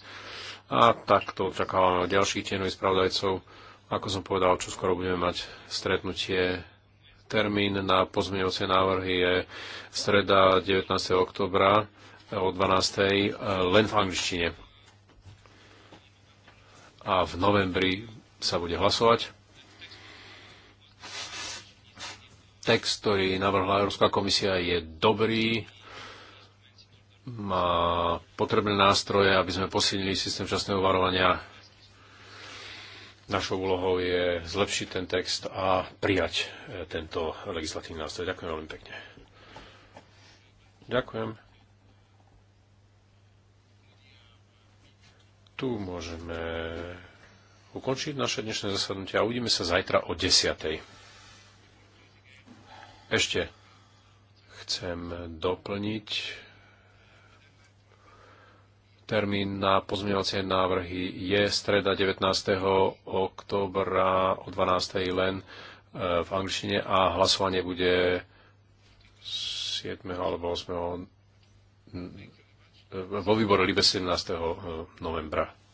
A takto očakávame ďalších tienových spravodajcov. Ako som povedal, čo skoro budeme mať stretnutie. Termín na pozmeňovacie návrhy je streda 19. oktobra o 12. Eh, len v angličtine. A v novembri sa bude hlasovať. text, ktorý navrhla Európska komisia, je dobrý, má potrebné nástroje, aby sme posilnili systém včasného varovania. Našou úlohou je zlepšiť ten text a prijať e, tento legislatívny nástroj. Ďakujem veľmi pekne. Ďakujem. Tu môžeme ukončiť naše dnešné zasadnutie a uvidíme sa zajtra o 10. Ešte chcem doplniť termín na pozmeňovacie návrhy je streda 19. oktobra o 12. len e, v angličtine a hlasovanie bude 7. alebo 8. vo výbore Libe 17. E, novembra.